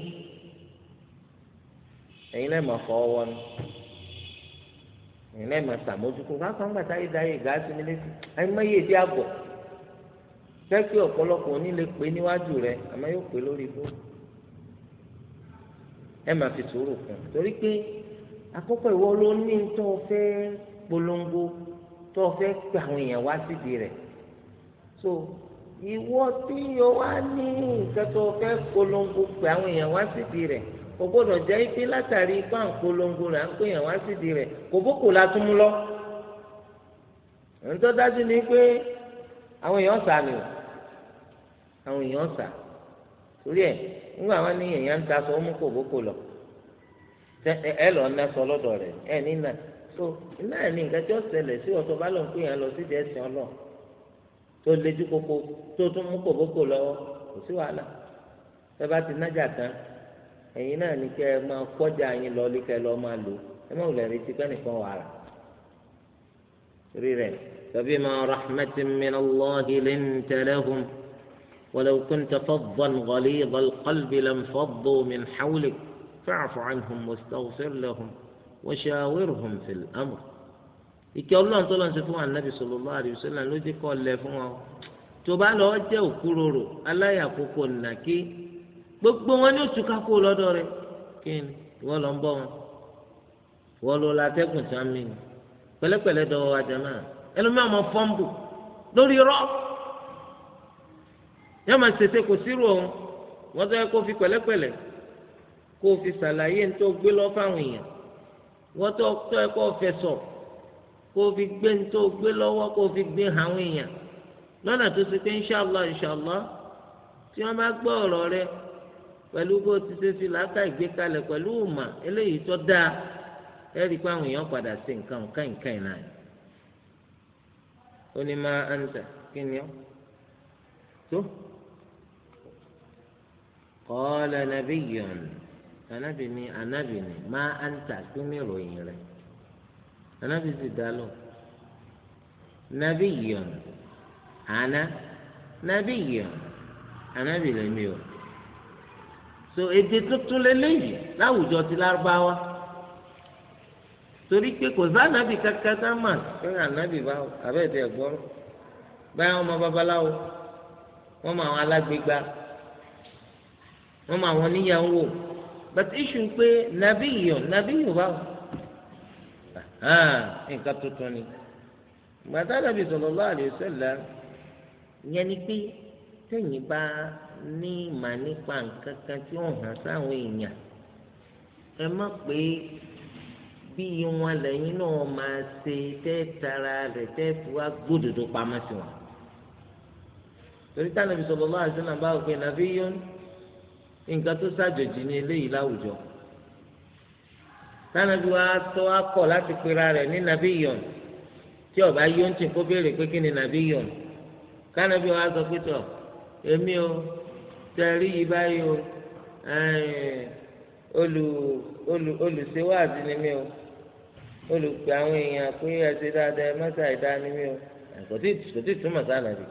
ẹ̀yin náà máa fọwọ́ wọnú ẹ̀yin náà máa sàmójúkú káàkiri àgbàtà yìí dáyé ìgbà sí mi létí tẹ́kí ọ̀pọ̀lọpọ̀ òní lè pè níwájú rẹ àmọ́ yóò pè lórí ibú ẹ máa fi sùúrù kún torí pé àkọ́kọ́ ìwọ ló ní tó o fẹ́ polongo tó o fẹ́ pe àwọn èèyàn wá síbi rẹ̀ so ìwọ tí o wá ní nǹkan tó o fẹ́ polongo pe àwọn èèyàn wá síbi rẹ̀ kò gbọ́dọ̀ jẹ́ ipe látàrí ipá ń polongo rẹ̀ à ń pè èèyàn wá síbi rẹ̀ kò bókò la tún mú lọ ǹ tó dájú ni pé àwọn èèyàn sàmì o. àwọn èèyàn sà torí ẹ nígbà wọn ní èèyàn ń ta sọ ó mú kòbókò lọ ẹ lọ ná sọ lọ́dọ̀ ẹ nínà so náà ní nǹkan tí ó ṣẹlẹ̀ sí ọ̀tọ̀ bá lọ́n pé lọ sídìí ẹ̀sìn ọlọ́ọ̀ tó lejú koko tó tún mú kòbókò lọ́wọ́ kò sí wàhálà ẹ bá ti nájà tán ẹ̀yin náà ní kẹ́ ẹ máa kọjá yín lọ lé kẹ́ ẹ lọ́ọ́ máa lò ẹ wùlẹ̀ retí pé nìkan wà rà ولو كنت فظا غليظ القلب لانفضوا من حولك فاعف عنهم واستغفر لهم وشاورهم في الأمر ìkẹ́ ọlọ́run tó lọ́n ṣe fún anabi sallallahu alaihi wasallam ló jẹ́ kọ́ lẹ̀ fún wa tó bá lọ́ọ́ jẹ́ òkúròrò aláyàkókò nàkí gbogbo wọn ní òtúká kó lọ́dọ̀ rẹ̀ kí ni wọ́n lọ ń bọ́ wọn wọ́n lọ látẹ́gùn sami pẹ̀lẹ́pẹ̀lẹ́ dọ̀wọ́ ajá náà ẹlòmíràn mọ fọ́ǹbù lórí rọ́ọ̀ yóò máa ṣèṣe kò sírò òun wọ́n tó yẹ kó fi pẹ̀lẹ́pẹ̀lẹ́ kó fi ṣàlàyé ní tó gbé lọ fáwọn èèyàn wọ́n tó tó yẹ kó fẹsọ̀ kó fi gbé ní tó gbé lọ́wọ́ kó fi gbé àwọn èèyàn lọ́nà tó ṣe pé inṣàlá inṣàlá tí wọ́n bá gbọ́ ọ̀rọ̀ rẹ pẹ̀lú bó ti ṣe fi làákà ìgbékalẹ̀ pẹ̀lú ìmọ̀ eléyìí tó dáa ẹ̀rí pé àwọn èèyàn padà sí nǹkan nǹkan nǹkan ìlànà ó ní máa ń tà kí ni ọ́ tó. So, قال nàbí yọ̀n anábì ni anábì ni máa ń tà sí ní ìròyìn rẹ̀ anábì sì dá so èdè tuntun lélẹ́yìí láwùjọ ti lárúbáwá torí pé kò sànàbì kankan tá a mà pé ànàbì báwo àbẹ́ẹ̀dẹ̀ gbọ́rọ̀ báyọ̀ ọmọ babaláwo wọ́n mọ àwọn alágbègbà wọ́n mọ àwọn níyàwó wò but issue ń pé nàbí yìí nàbí yìí báwò nǹkan tuntun ni gbàtà nàbí sallallahu alaihi wasallam ìyẹn ni pé tẹ̀yìn bá ní ìmà nípa nǹkan kan tí ó hàn sáwọn èèyàn ẹ má pé bí wọn lẹ́yìn náà máa ṣe tẹ́ tara rẹ̀ tẹ́ fi gbódòdó pamọ́ sí wọn torí táwọn ibi sallallahu alaihi wasallam báwo pé nàbí yìí nǹkan tó ṣàjòjì ní eléyìí láwùjọ tánàbí wa tó akọ láti pera rẹ̀ ní nàbí yọ̀n tí ọba yóò ń tì kó béèrè pé kí ni nàbí yọ̀n tánàbí wa sọ pé tọ̀ èmi o tẹ̀rí yìí báyìí o olù olù olùṣèwádìí ni mí o olùpẹ̀ àwọn èèyàn pé ẹ ṣe dáadáa ẹ má ṣàìdá ni mí o kò tí kò tí túmọ̀ sáà nàbí.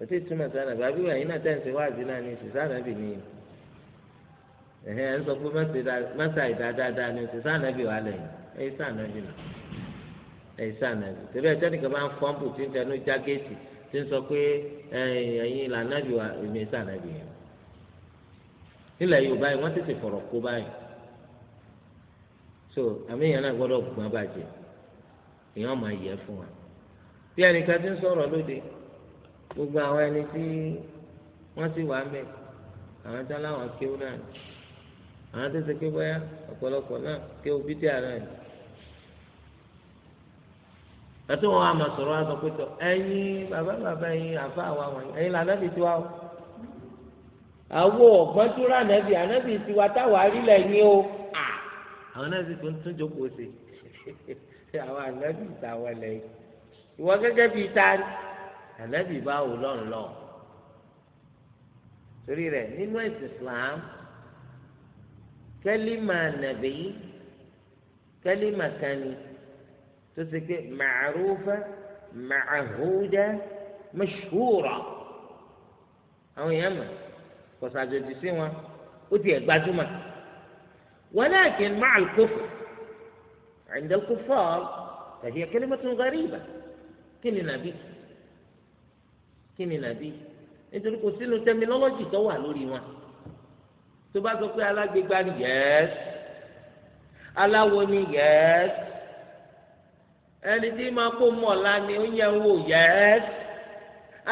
òtí túmọ̀ sáà nàbí àbí wàyí náà tẹ̀sí wáàzí náà ní ìsìn sáà nàbì ní ẹ̀hẹ́ ẹ̀ ń sọ pé mẹ́ta ìdá dáadáa ní ìsìn sáà nàbì wà lẹ́yìn ẹ̀yìn sáà nàbì nà ẹ̀yìn sáà nàbì torí ẹ̀jẹ̀ nìkan ń fọ́ǹpù tí ń tẹnu já tí ń sọ pé ẹ̀yìn ìlà nàbì wà èmi sáà nàbì yẹn nílẹ̀ Yorùbá yìí wọ́n tètè fọ̀rọ̀ kó báyìí so àmì èèyàn náà gbọ́dọ̀ gbọ́n bàjẹ́ èèyàn máa yẹ gbogbo àwọn ẹni tí wọ́n sì wà mẹ́ àwọn tí wọ́n láwọn kéwú náà àwọn tó ṣe pé bóyá ọ̀pọ̀lọpọ̀ náà kéwú bídíà náà ni. àti wọn àmà sọ̀rọ̀ àti ọ̀pẹ̀tọ̀ ẹ̀yin bàbá bàbá ẹ̀yin àfa àwa wọ̀nyí ẹ̀yin là nàbì tiwa o. àwo ọ̀gbọ́n tó rà nàbì ànàbì tiwa táwa rí lẹ́yìn o. àwọn náà sì tún tún jókòó sí àwọn ànàbì tàwọn lẹ́yìn ìwọ gẹ́gẹ́ bíi ta ànábì bá wò lọ́nlọ́ torí rẹ̀ nínú ẹ̀sìn Islam kẹ́límà nàbí kẹ́límà kani tó ti pé màrúfà màhúdà mashhura àwọn èèyàn mọ̀ kọ̀sàjòjì sí wọn ó tiẹ̀ gbajúmọ̀ walakin ma'al kufr 'inda al-kuffar فهي كلمة غريبة كل nàbí. kí ni nàbí nítorí kò sínú tẹminọ́lọ́jì tó wà lórí wọn tó bá sọ pé alágbègbà ni yẹ́s aláwo ni yẹ́s ẹni tí máa kó mọ̀ọ́lá ni ó yẹ ń wò yẹ́s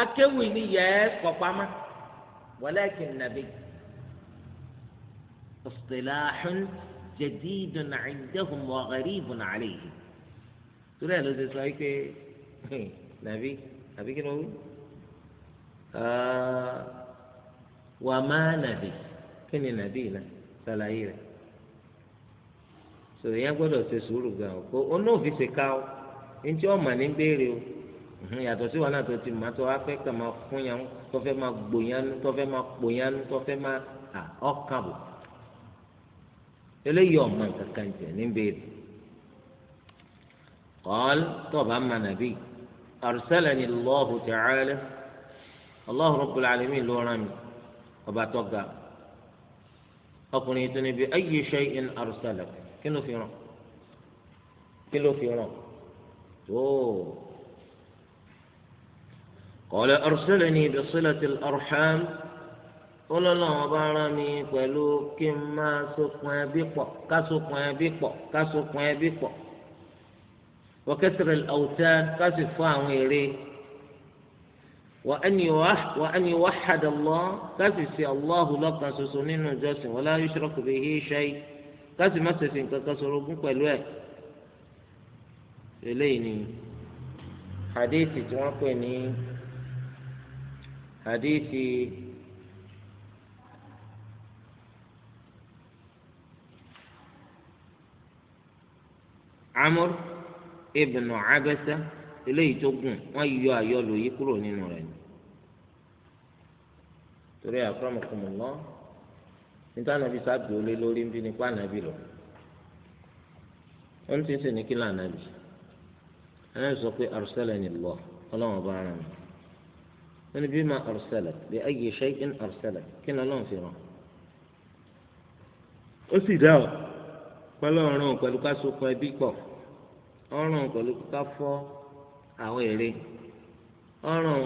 akéwì ni yẹ́s kọ̀pamọ́ walakin nàbí istilahun jadidun indahum wa gharibun alayhim torí ẹ̀ ló ti sọ wípé nàbí Ah, wà má nàbì kí ni nàbì náà ṣàlàyé rẹ̀ sòrò yẹn gbọ́dọ̀ ṣe sùúrù gan o kó onóòfin ṣe ká o ntí ọmọ ní o yàtọ̀ sí wàhálà tó ti mọ̀ tó wá fẹ́ kà máa fún yàn tó ma máa gbò yàn máa pò yàn máa ọkàn bò eléyìí ọmọ kankan jẹ ní béèrè kọ́l ma bá ma nàbí arsalani Allahu ta'ala. Allahu Rabbul Alamin ló rán mi ọba tó ga ọkùnrin tó níbi ayyi shay'in arsalak kí ló fi ràn kí ló fi ràn tó qala arsalani bi silatil arham olólùwọ̀n bá rán mi pẹ̀lú kí n máa sokùn ẹbí pọ̀ ká sokùn ẹbí pọ̀ ká sokùn ẹbí pọ̀ wa kathral awtan ká sì fún àwọn ère. وأن يوحد, وأن يوحد الله كاسسي الله لك سسنين جسم ولا يشرك به شيء كاسي مسس سسين كاسرقون كالوه إليني حديثي تنقني حديثي عمرو ابن عبسه eléyìí tó gùn wọ́n yọ àyọlò yìí kúrò nínú rẹ̀ ni torí àkọ́mọkọ́mọ níta nàbí sábìó lé lórí ń bí nípa nàbí lọ wọ́n ti ń sè ní kílà nàbí ẹ̀rọ sọ pé arsalani Allah ọlọ́run ọba ara mi wọ́n ní bima arsalak bi ayyi shay'in arsalak kí ni ọlọ́run fi ràn ó sì dá ọ pẹ̀lú ọ̀ràn pẹ̀lú ká sokun ẹbí pọ̀ ọ̀ràn pẹ̀lú ká fọ́ àwọn èrè ọrùn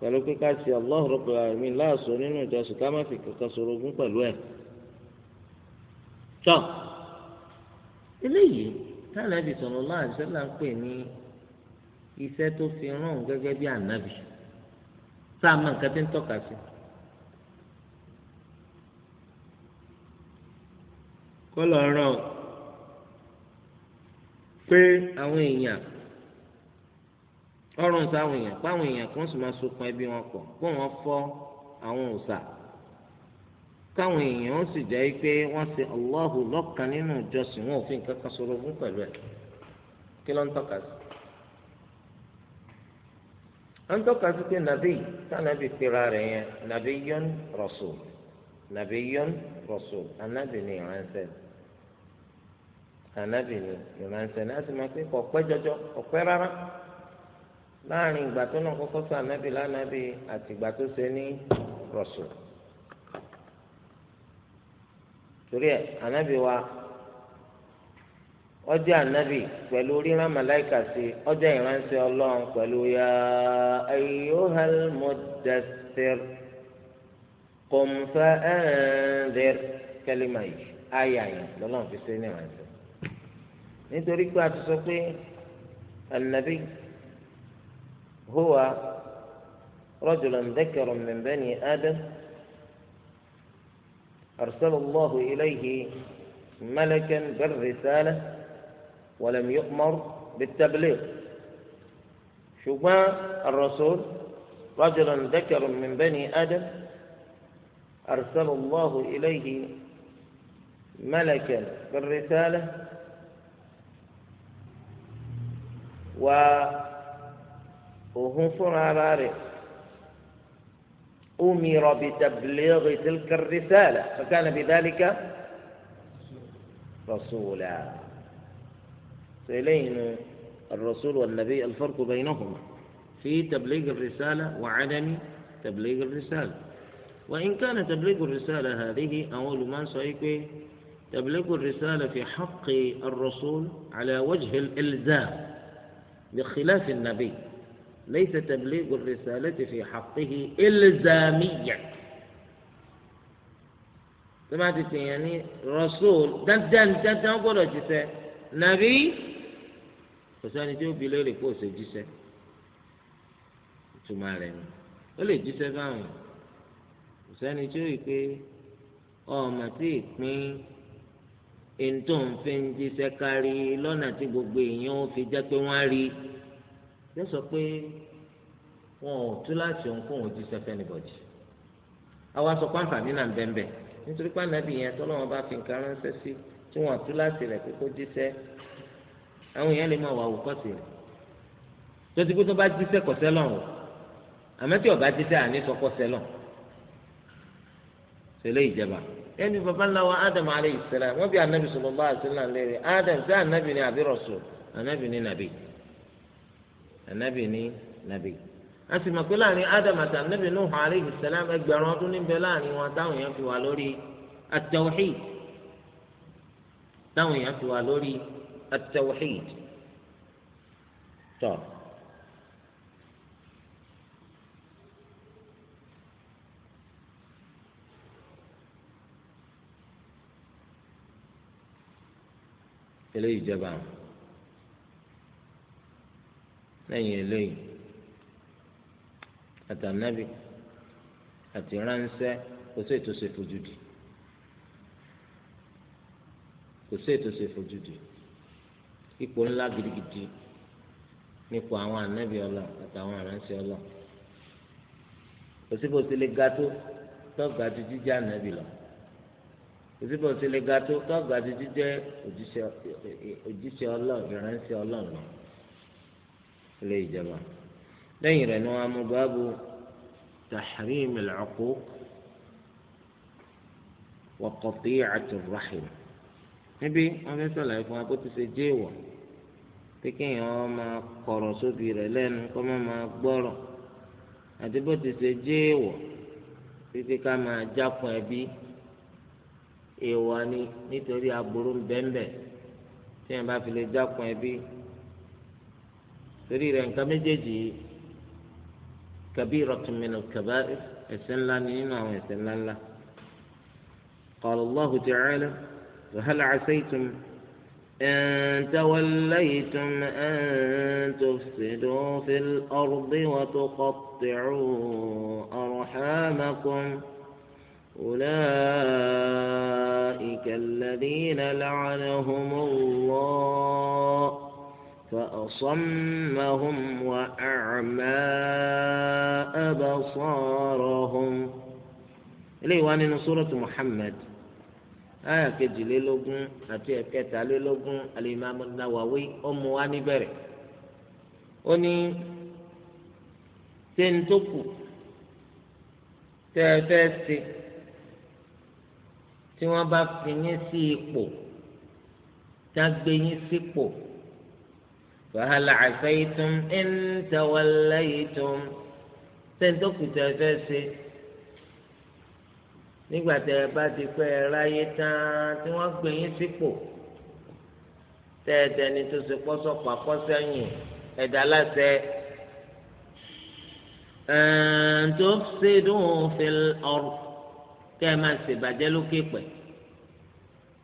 pẹ̀lú kíkà ti Allah Rabbul Alamin láàsọ nínú ìjọsìn ká má fi kankan ogún pẹ̀lú ẹ̀. tọ́ eléyìí tánàbì sallallahu alaihi wasallam ń pè ní iṣẹ́ tó fi rán gẹ́gẹ́ bí ànábì sáà mọ nǹkan tí ń tọ́ka sí. kọ́lọ̀ pé àwọn ọrùn sáwọn èèyàn páwọn èèyàn kan sì máa sokun ẹbí wọn pọ̀ kó wọn fọ́ àwọn òòṣà káwọn èèyàn sì jẹ́ pé wọ́n ṣe Allahu lọ́kan nínú ìjọsìn wọn òfin kankan sọ̀rọ̀ fún pẹ̀lú ẹ̀ kí ló ń tọ́ka sí. ń tọ́ka sí pé nàbí sànàbí pera rẹ̀ yẹn nàbí yọ́n rasul nàbí yọ́n rasul ní ìránṣẹ́ ní ìránṣẹ́ ní máa pé kò pẹ́ láàrin ìgbà tó náà kọ́kọ́ sọ ànábì lánàbì àti ìgbà tó ṣe ní rọ̀sùn. torí ẹ ànábì wa ọjọ́ ànábì pẹ̀lú ríran màláìkà sí ọjọ́ ìránṣẹ́ ọlọ́run pẹ̀lú ya ayyuhal muddaththir qum fa anzir kẹlẹ́mà yìí ayé àyè lọ́lọ́run fi ṣe ní ìránṣẹ́ nítorí pé a ti sọ pé ànábì. هو رجل ذكر من بني آدم أرسل الله إليه ملكا بالرسالة ولم يؤمر بالتبليغ شبان الرسول رجلا ذكر من بني آدم أرسل الله إليه ملكا بالرسالة و وهم فرع ara أمر بتبليغ تلك الرسالة فكان بذلك رسولا فإلينا الرسول والنبي الفرق بينهما في تبليغ الرسالة وعدم تبليغ الرسالة وإن كان تبليغ الرسالة هذه أول ما سيكون تبليغ الرسالة في حق الرسول على وجه الإلزام بخلاف النبي ليس تبليغ الرسالة في حقه إلزاميا تما يعني رسول دندن دندن قولوا جسد نبي فساني جو بليري كوسة جسد tuma rẹ ni ó lè jíṣẹ́ báwọn kò sẹ́ni tí ó yí pé ọmọ tí ìpín ẹni tó ń fi ń jíṣẹ́ kárí lọ́nà tí gbogbo èèyàn ó fi jẹ́ pé wọ́n á rí i yóò sọ pé wọn ò tú láti ohunkóhun ojú sẹ́fẹ́ níbọ̀jì àwa sọ pé àǹfààní náà ń bẹ́ẹ̀ bẹ́ẹ̀ nítorí pé ànábì yẹn tọ́lọ́wọ́n bá fi nǹkan ránṣẹ́ sí tí wọ́n tú láti rẹ̀ pé kó jíṣẹ́ àwọn èèyàn lè máa wà wò kọ́sì rẹ̀ tó ti pé tó bá jíṣẹ́ kọ̀sẹ́ o àmọ́ tí ọ̀gá jíṣẹ́ àní sọ kọ́sẹ́ lọ́rùn tẹ́lẹ̀ ìjẹba ẹni baba ńlá wa adam aleyhi sẹlẹ wọn bí anabi sọlọ bá àṣẹ náà lẹrẹ adam sí anabi ni àbí rọṣọ anabi ni nàbí anabi ní nabi a sì mọ̀ pé láàrin adam àti anabi nuhu aleyhi salam ẹgbẹ̀rún ọdún níbẹ̀ láàrin wọn táwọn èèyàn fi wà lórí at-tawhid táwọn èèyàn fi wà lórí at-tawhid eléyìí jẹba àwọn lẹ́yìn eléyìí àtànábì àti ránṣẹ́ kò sí ètò ṣe fojú di kò sí ètò ṣe fojú di ipò ńlá gidigidi nípò àwọn ànábì ọlọ àtàwọn aránṣẹ́ ọlọ òsibò sí lè ga tó tọ́gà ju jíjẹ́ ànábì lọ òsibò sí lè ga tó tọ́gà ju jíjẹ́ òjíṣẹ́ ọlọ ìránṣẹ́ ọlọ lọ ilé ìjọba lẹ́yìn rẹ̀ ni wọ́n á mú báàbù tahrim al-uquq wa qati'at ar-rahim níbi wọ́n fẹ́ sọ̀lá ìfún wa bó ti ṣe jẹ́ ìwọ̀ pé kéèyàn máa kọ̀rọ̀ sóbì rẹ̀ lẹ́nu kó má máa gbọ́rọ̀ àti bó ti ṣe jẹ́ títí ká máa jákun ẹbí ìwọ̀ ni nítorí aburú bẹ́ńbẹ́ tí wọ́n bá fi lè jákun ẹbí. torí rẹ̀ nǹkan méjèèjì yìí kabiratun min al-kaba'ir ẹ̀ṣẹ̀ ńlá ni nínú àwọn ẹ̀ṣẹ̀ ńlá ńlá qala Allahu ta'ala fa hal 'asaytum in tawallaytum an tufsidu fil ardi wa tuqatti'u arhamakum أولئك الذين لعنهم الله فأصمهم وأعمى أبصارهم إليه وأن سورة محمد آية كجليلوغن أتي كتاليلوغن الإمام النووي أم واني بري أني تنتكو تأتي tí wọ́n bá fi yín فهل عفيتم إن توليتم تندقوا تفاسي nígbà tẹ ẹ bá ti pẹ́ ẹ ráyé tán tí wọ́n gbé yín sípò tẹ ẹ dẹni tó ṣe pọsọpọ akọsẹyìn ẹ̀dá láṣẹ ẹn tó ṣe dùn fi ọrùn kẹ ẹ máa ṣèbàjẹ́ lókè pẹ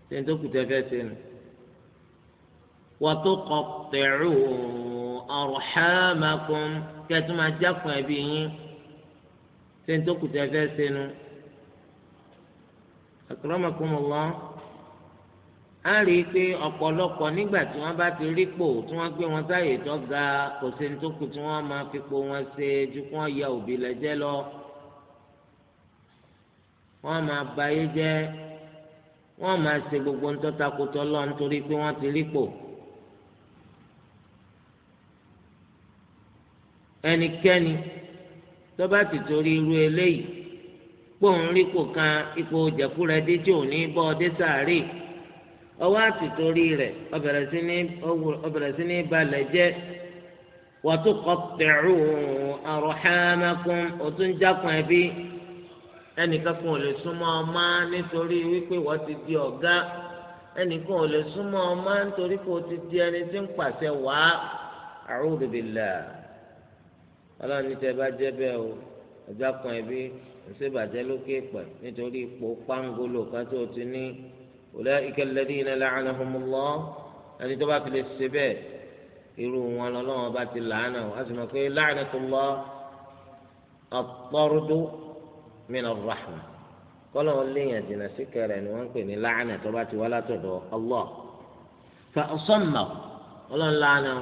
tẹ ẹ tó kù tẹ ṣe nù. وتقطعوا أرحامكم كتما جاكم به سنتوكو تفاسنو أكرمكم الله a rí i pé ọ̀pọ̀lọpọ̀ nígbà tí wọ́n bá ti rí pò tí wọ́n gbé wọn sáyè tó ga kò sí ní tó kù tí wọ́n máa fi po wọn ṣe ju kí wọ́n ya òbí lẹ́jẹ́ lọ. wọ́n máa ba ayé jẹ́ wọ́n máa ṣe gbogbo ń tọ́ta lọ nítorí pé wọ́n ti rí pò. ẹnikẹ́ni tó bá ti torí irú eléyìí pòun rí kò kan ipò jẹ̀kúrẹ́dé tí ò ní bọ́ ọdẹ sàárè ọwọ́ àti torí rẹ̀ ọbẹ̀rẹ̀ sí ní balẹ̀ jẹ́ wàtú kọ́pẹ̀rù àròhánákùn ẹbí ò lè súnmọ́ nítorí wípé wọ́n ti di ọ̀gá ẹnìkan ò lè o ti di ẹni tí ń pàṣẹ wàá ọlọ́run ní tẹ́ bá jẹ́ bẹ́ẹ̀ o ọjọ́ kan ẹ̀bí ṣèbàjẹ́ lókè pẹ̀ nítorí ipò pangolo kan tó ti ní ulaika alladhina la'anahumullah ẹni tó bá fi lè ṣe bẹ́ẹ̀ irú wọn lọ́lọ́wọ́n bá ti làánà o a sì mọ̀ pé la'anatullah at-tardu min ar-rahmah kọ́lọ́wọ́n léèyàn jìnnà sí kẹrẹ̀ ni wọ́n ń pè ní la'ana tó bá ti wá látọ̀dọ̀ Allah fa asamma ọlọ́run làánà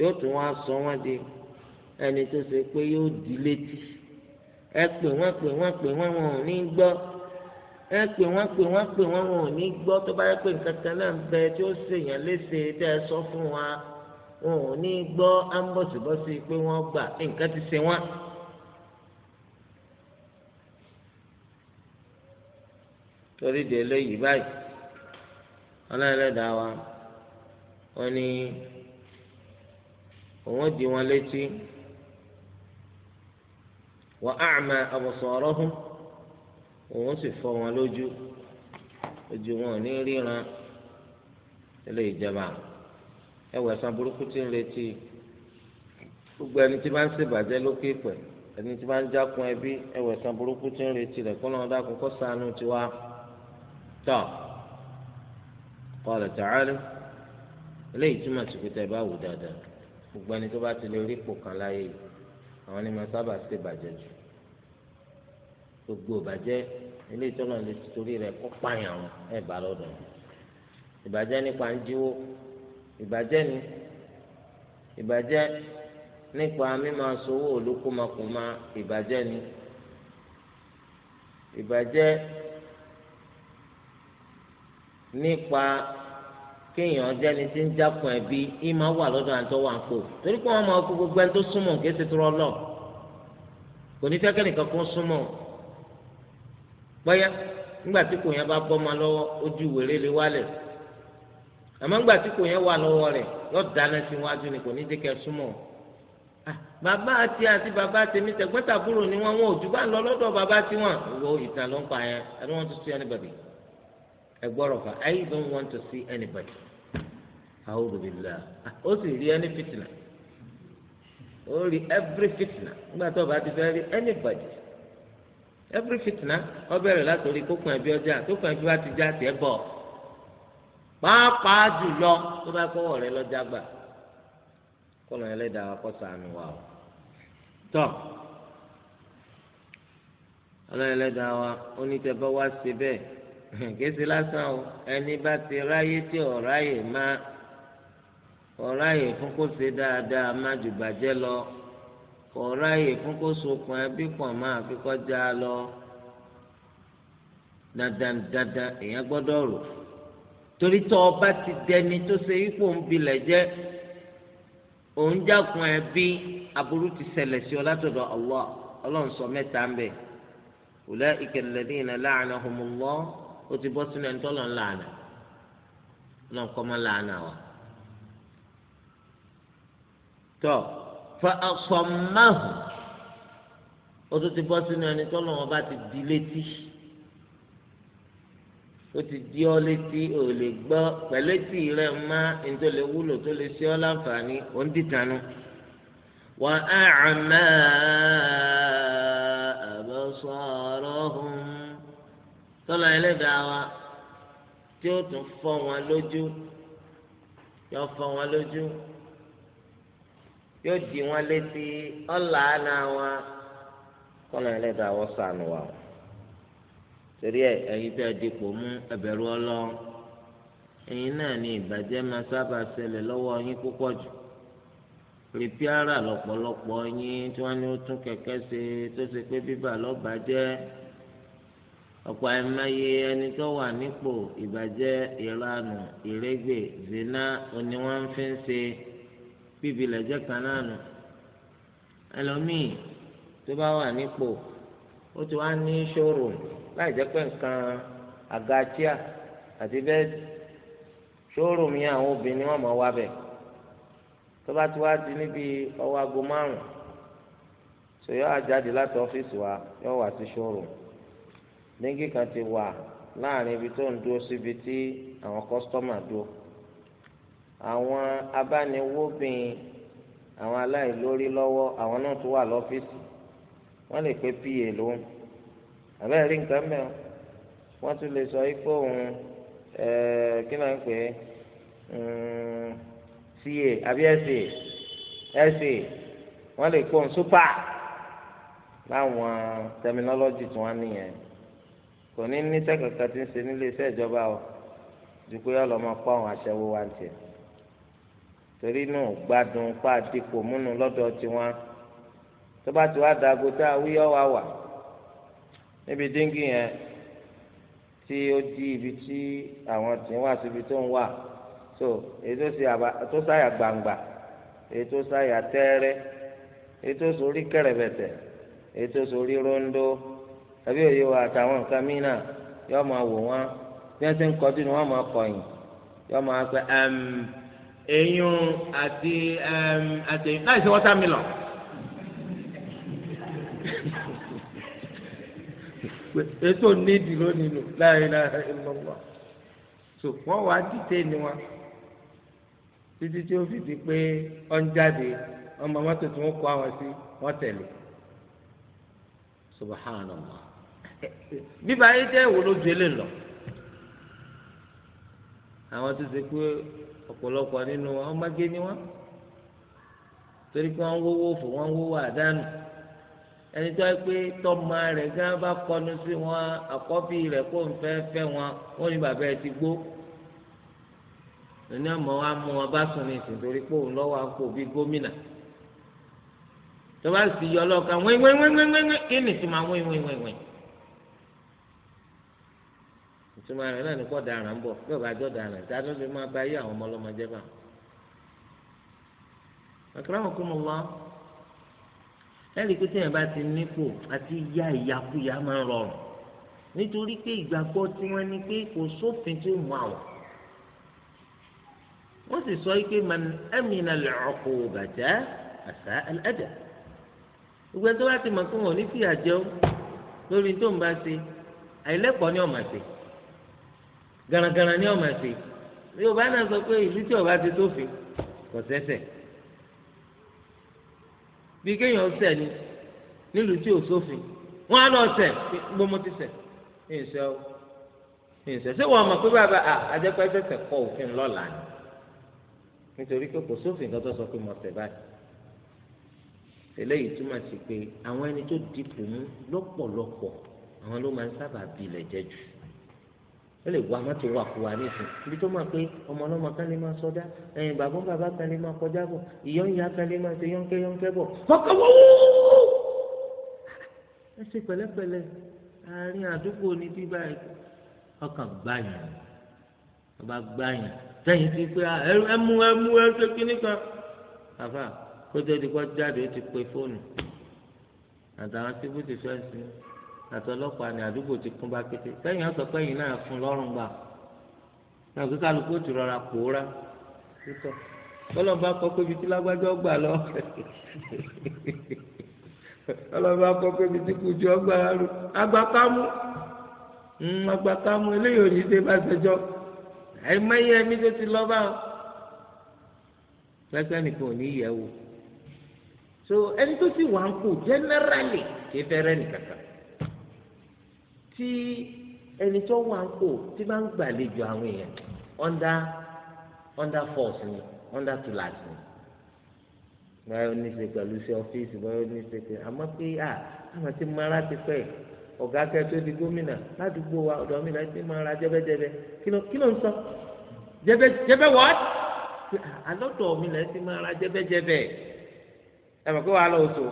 yóò tún wá sọ wọ́n di ẹni tó ṣe pé yóò di létí ẹ pè wọ́n pè wọ́n pè wọ́n wọn ò ní gbọ́ ẹ pè wọ́n pè wọ́n pè wọ́n wọn ò ní gbọ́ tó bá yẹ pé nǹkan kan náà ń bẹ tí ó ṣèyàn léṣe tẹ́ ẹ sọ fún wa wọn ò ní gbọ́ ámbọ̀sibọ́sí pé wọ́n gbà nǹkan ti ṣe wọ́n. torí de eléyìí báyìí ọlọ́ọ̀lẹ́dàá wa wọ́n ní òun di wọn létí wa a'ma absarahum òun sì fọ́ wọn lójú ojú wọn ò ní ríran ilé ìjọba ẹwà ẹ̀san burúkú tí ń retí gbogbo ẹni tí bá ń ṣèbàjẹ́ lókè pẹ̀ ẹni tí bá ń jákun ẹbí ẹwà ẹ̀san burúkú tí ń retí rẹ̀ kọ́ náà dákun kọ́ sànù tiwa tọ́ qala ta'ala ilé ìtumọ̀ sí pé tẹ́ dáadáa gbogbo ẹni tó bá ti lè rí ipò kan láyé yìí àwọn ni mo sábà ṣe bàjẹ́ jù gbogbo bàjẹ́ ilé ìtọ́nà lè torí rẹ̀ kó pààyàn wọn ẹ̀ bá lọ́dọ̀ ìbàjẹ́ nípa ń jíwó ìbàjẹ́ ni ìbàjẹ́ nípa mímọ sowó olókùnmakùnma ìbàjẹ́ ni ìbàjẹ́ nípa kéèyàn jẹ́ni tí ń jákun ẹbí ìmọ̀ wà lọ́dọ̀ àǹtọ́ wà ń torí pé wọ́n máa kó gbogbo ẹni tó súnmọ́ kí ẹsẹ̀ tó rọ́ lọ kò ní fẹ́kẹ́ nìkan kó súnmọ́ bọ́yá nígbà tí kò yẹn bá bọ́ ma lọ́wọ́ ojú wèrè lè wálẹ̀ àmọ́ nígbà tí kò yẹn wà lọ́wọ́ rẹ̀ yóò dáná sí iwájú ni kò ní jẹ́ kẹ́ súnmọ́ ah, bàbá àti àti bàbá tèmi tẹ̀gbẹ́tàbúrò ni wọ́n wọ́n ò I don't want to see anybody. ẹgbọrọ fa I don't want to see anybody a'udhu billah ah, ó sì rí ẹni fitna O rí every fitna nígbà tó o bá ti fẹ́ rí anybody every fitna ó bẹ̀rẹ̀ látòrí kókùn ẹbí ọjà kókùn ẹbí wa ti já tiẹ̀ bọ̀ pàápàá jùlọ tó bá kọ́wọ́ rẹ lọ́jà gbà kọ́nà ẹlẹ́dàá kọ́ ṣàánú wa o tọ́ wa bẹ́ẹ̀. kéésì lásán o ẹni bá ti ráyè tí ọ̀ráyè má ọ̀ráyè fún kó ṣe dáadáa má jù bàjẹ́ lọ ọ̀ráyè fún kó sokùn ẹbí pọ̀ má fi kọjá lọ dandan dandan èèyàn gbọ́dọ̀ rò torí tó o bá ti dẹni tó ṣe ipò ń bilẹ̀ jẹ́ òun jákun ẹbí aburú ti ṣẹlẹ̀ sí ọ látọ̀dọ̀ Allah ọlọ́run sọ mẹ́ta ń bẹ̀ ulaika alladhina la'anahumullah ó ti bọ́ sínú ẹni tọ́lọ̀ ńlá àná náà kọ́ mọ́ làánà wa. tọ́ fa asọ̀máhù ó tún ti bọ́ sínú ẹni tọ́lọ̀ wọn bá ti di létí ó ti di ọ́ létí ò lè gbọ́ pẹ̀lẹ́tì rẹ̀ má ní lè wúlò tó lè ṣe ọ́ láǹfààní ó ń dìtànù. wà á àmà tọ́lá ẹlẹ́dàá wa tí ó tún fọ́ wọn lójú yóò fọ́ wọn lójú yóò di wọn létí ọ̀là àná wa kọ́lá ẹlẹ́dàá sànù wa torí ẹ ẹ mú ẹ̀bẹ̀rù ọlọ́run ẹ̀yin náà ni ìbàjẹ́ máa sábà ṣẹlẹ̀ lọ́wọ́ púpọ̀ jù tí wọ́n ní ó tún ṣe tó ṣe pé ọ̀pọ̀ àìmọye ẹni tó wà nípò ìbàjẹ́ ìranù ìrégbè zina òní wọ́n ń fi ń ṣe bíbi lẹ́jẹ́ kan náà nù. ẹlòmíì tó bá wà nípò ó ti wá ní ṣòro láì jẹ́ pé nǹkan àgàtíà àti bẹ́ẹ̀ ṣòro mi àwọn obìnrin wọn mọ̀ wá bẹ̀ tó bá ti wá di níbi ọwọ́ aago márùn-ún ṣòyọ́ àjáde láti ọ́fíìsì wa yóò wá sí ṣòro. díngì kan ti wà láàrin ibi tó ń dúró síbi tí àwọn kọ́sítọ́mà dúró àwọn abániwóbìn àwọn aláìlórí lọ́wọ́ àwọn náà tó wà lọ́fíìsì wọ́n lè pé pa ló ń àbẹ́rẹ́ rí nǹkan mẹ́wọ́ wọ́n tún lè sọ ikú òun kí náà ń pè é hmm, ca àbí ẹsẹ ẹsẹ wọn lè kó super láwọn terminology tí wọn nìyẹn kò ní níṣẹ́ kankan tí ń ṣe nílé iṣẹ́ ìjọba o ju pé yọ lọ́mọ pa àwọn aṣẹ́wó wa ti torí náà gbádùn pa dípò múnú lọ́dọ̀ tiwọn tó bá ti wá dàgbò tá a wíyọ́ wa wà níbi díngì yẹn tí ó di ibi tí àwọn tí ń wà síbi tó ń wà so èyí tó sáyà gbangba èyí tó sáyà tẹ́ẹ́rẹ́ èyí tó sorí kẹ̀rẹ̀bẹ̀tẹ̀ èyí tó sorí róńdó tàbí òye wa àtàwọn nǹkan míì náà yóò máa wò wọn bí wọn ti ń kọjú ni wọn máa kọyìn yóò máa pẹ eyín àti àtẹyìn láì sí wọ́tàmílọ̀n. ètò nídìí lónìí lò láàrin náà ìlọ́wọ́ so wọ́n wá dìde ni wọn títí tí ó fi di pé ọ ń jáde ọmọ mọ́tò tí wọ́n kó àwọn sí wọ́n tẹ̀lé subhanallah bíbá yìí jẹ́ ìwò ló ju eléyìí lọ àwọn tó ṣe pé ọ̀pọ̀lọpọ̀ nínú ọmọge ni wọ́n torí pé wọ́n ń wówó fò wọ́n ń wówó àdánù ẹni tó yẹ pé tọ́mọ rẹ̀ gán bá kọnu sí wọn àkọ́bí rẹ̀ kó ń fẹ́ fẹ́ wọn wọ́n ní bàbá ẹ ti gbó ní ọmọ wa mú wọn bá sùn ní ìsìn torí pé òun lọ́wọ́ àpò bíi gómìnà tó bá sì yọ ọlọ́ọ̀kan wíwíwíwíwí kí ni ti máa wíwíwíwí ìtumọ̀ rẹ̀ náà ní kọ́ daràn bọ̀ bí ọba àjọ daràn tí adó lè máa bá yé àwọn ọmọ ọlọ́mọ jẹ́ bá. akramakumullah ẹ̀rí pé téèyàn bá ti nípò àti ya ìyakuya máa ń rọrùn nítorí pé ìgbàgbọ́ tí wọ́n ní pé kò sófin tí ó mú àwọn. wọ́n sì sọ pé man amina al-uqubata asa al-adab gbogbo ẹni tó bá ti mọ̀ pé wọn ò ní fìyà jẹun lórí tó ń bá ṣe àìlẹ́kọ̀ọ́ ni ọ̀ garagara ni ọmọ ẹsẹ yorùbá náà sọ pé ìlú tí ọba ti tófin kò sẹsẹ bí kéèyàn ṣẹ̀ ni nílùú tí ò sófin wọn á lọ ṣẹ̀ gbogbo mo ti ṣẹ̀ ìṣẹ o ní ìṣẹ ṣé wọn mọ pé bàbá à àjẹpẹ ṣẹ̀ṣẹ̀ kọ òfin lọ́la ni nítorí pé kò sófin kan tó sọ pé mo ṣẹ̀ báyìí eléyìí túmọ̀ sí pé àwọn ẹni tó dipò mú lọ́pọ̀lọpọ̀ àwọn ló máa ń sábà bilẹ̀ jẹ́ jù ó lè wá mọ́tò wà kú wa nísìn ibi tó máa pé ọmọ ọlọ́mọ kan lè máa sọdá ẹ̀yìn bàbá bàbá kan lè máa kọjá bọ̀ ìyọ́ ìyá kan lè máa ṣe yọ́nkẹ́ yọ́nkẹ́ bọ̀ mọ́kàn wọ́wọ́ ẹ ṣe pẹ̀lẹ́pẹ̀lẹ́ àárín àdúgbò ní bíbá ọkàn gbàyàn ọba gbàyàn sẹ́yìn ti pé ẹ mú ẹ ṣe kíní kan àfà kó tó di kọ́ jáde ó ti pe fóònù àtàwọn síbùtì fẹ́ẹ́ sí i àtọlọ́pàá ní àdúgbò ti kún bá kété sẹ́yìn ọ̀sọ̀ pẹ́yìn náà fún lọ́rùn gbà náà kí kálukú ti rọra pòórá títọ́ tọ́lọ́ba kọ́ pé ibi tí lágbájọ́ gbà lọ tọ́lọ́ba kọ́ pé ibi tí kùjú ọgbà lọ agbákámú agbákámú hmm, eléyìí ò ní dé bá ṣẹjọ́ àìmọye ẹ̀mí tó ti lọ́ lẹ́sẹ̀ nìkan ò ní yẹ̀ wò so ẹni tó ti wà ń kú generally kì í fẹ́rẹ́ nìkankan tí ẹni tó wà ń kó tí bá ń gbàlejò àwọn èèyàn under under force ni under class ni báyọ̀ ó ní ṣe pẹ̀lú sí ọ́fíìsì báyọ̀ ó ní ṣe pẹ̀lú àmọ́ pé à àwọn tí mara ti pẹ́ ọ̀gá kẹ́ tó di gómìnà ládùúgbò wa ọ̀dọ̀ mi náà ti mara jẹ́bẹ́jẹ́bẹ́ kí ló ń sọ jẹ́bẹ́ jẹ́bẹ́ what alọ́dọ̀ mi náà ti mara jẹ́bẹ́jẹ́bẹ́ ẹ mọ̀ pé wàá lọ sọ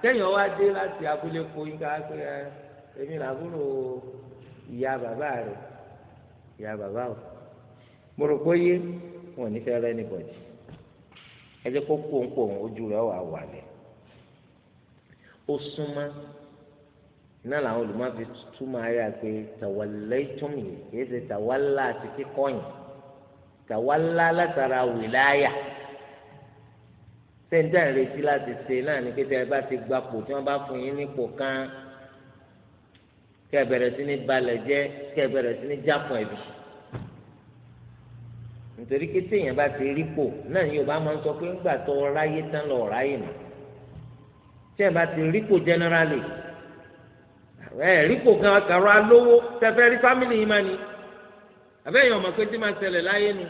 kẹ́yìn ọwọ́ adé láti abúlé kó yín ká pé ẹ èmi làbúrò ìyá bàbá rẹ̀ ìyá bàbá o mo rò pé yé wọn ò ní fẹ́ rẹ́ níbọ̀dì ẹ jẹ́ kó kóńkó ojú rẹ̀ wà wà lẹ̀ ó súnmọ́ iná làwọn olùmọ̀fi túmọ̀ ayé pé tàwálẹ́tùm yìí kìí ṣe tàwálà àti kíkọ́yìn tàwálà látara wìláyà sẹ́ńtà ń retí láti ṣe náà ní pé tí ẹ bá ti gbapò tí wọ́n bá fún yín nípò kan kẹ bẹ̀rẹ̀ sí ní balẹ̀ jẹ́ kẹ bẹ̀rẹ̀ sí ní jápọ̀ ẹ̀bì nítorí pé téèyàn bá ti rí pò náà ni Yorùbá máa ń sọ pé ńgbà tó ráyé tán lọ ráyè mọ́ téèyàn bá ti rí pò jẹ́nẹ́rálì ẹ̀ rí pò kan kàrọ alówó tẹfẹ́ rí fámìlì yìí máa ni àbẹ́yẹn ọmọ pé tí máa ṣẹlẹ̀ láyé nu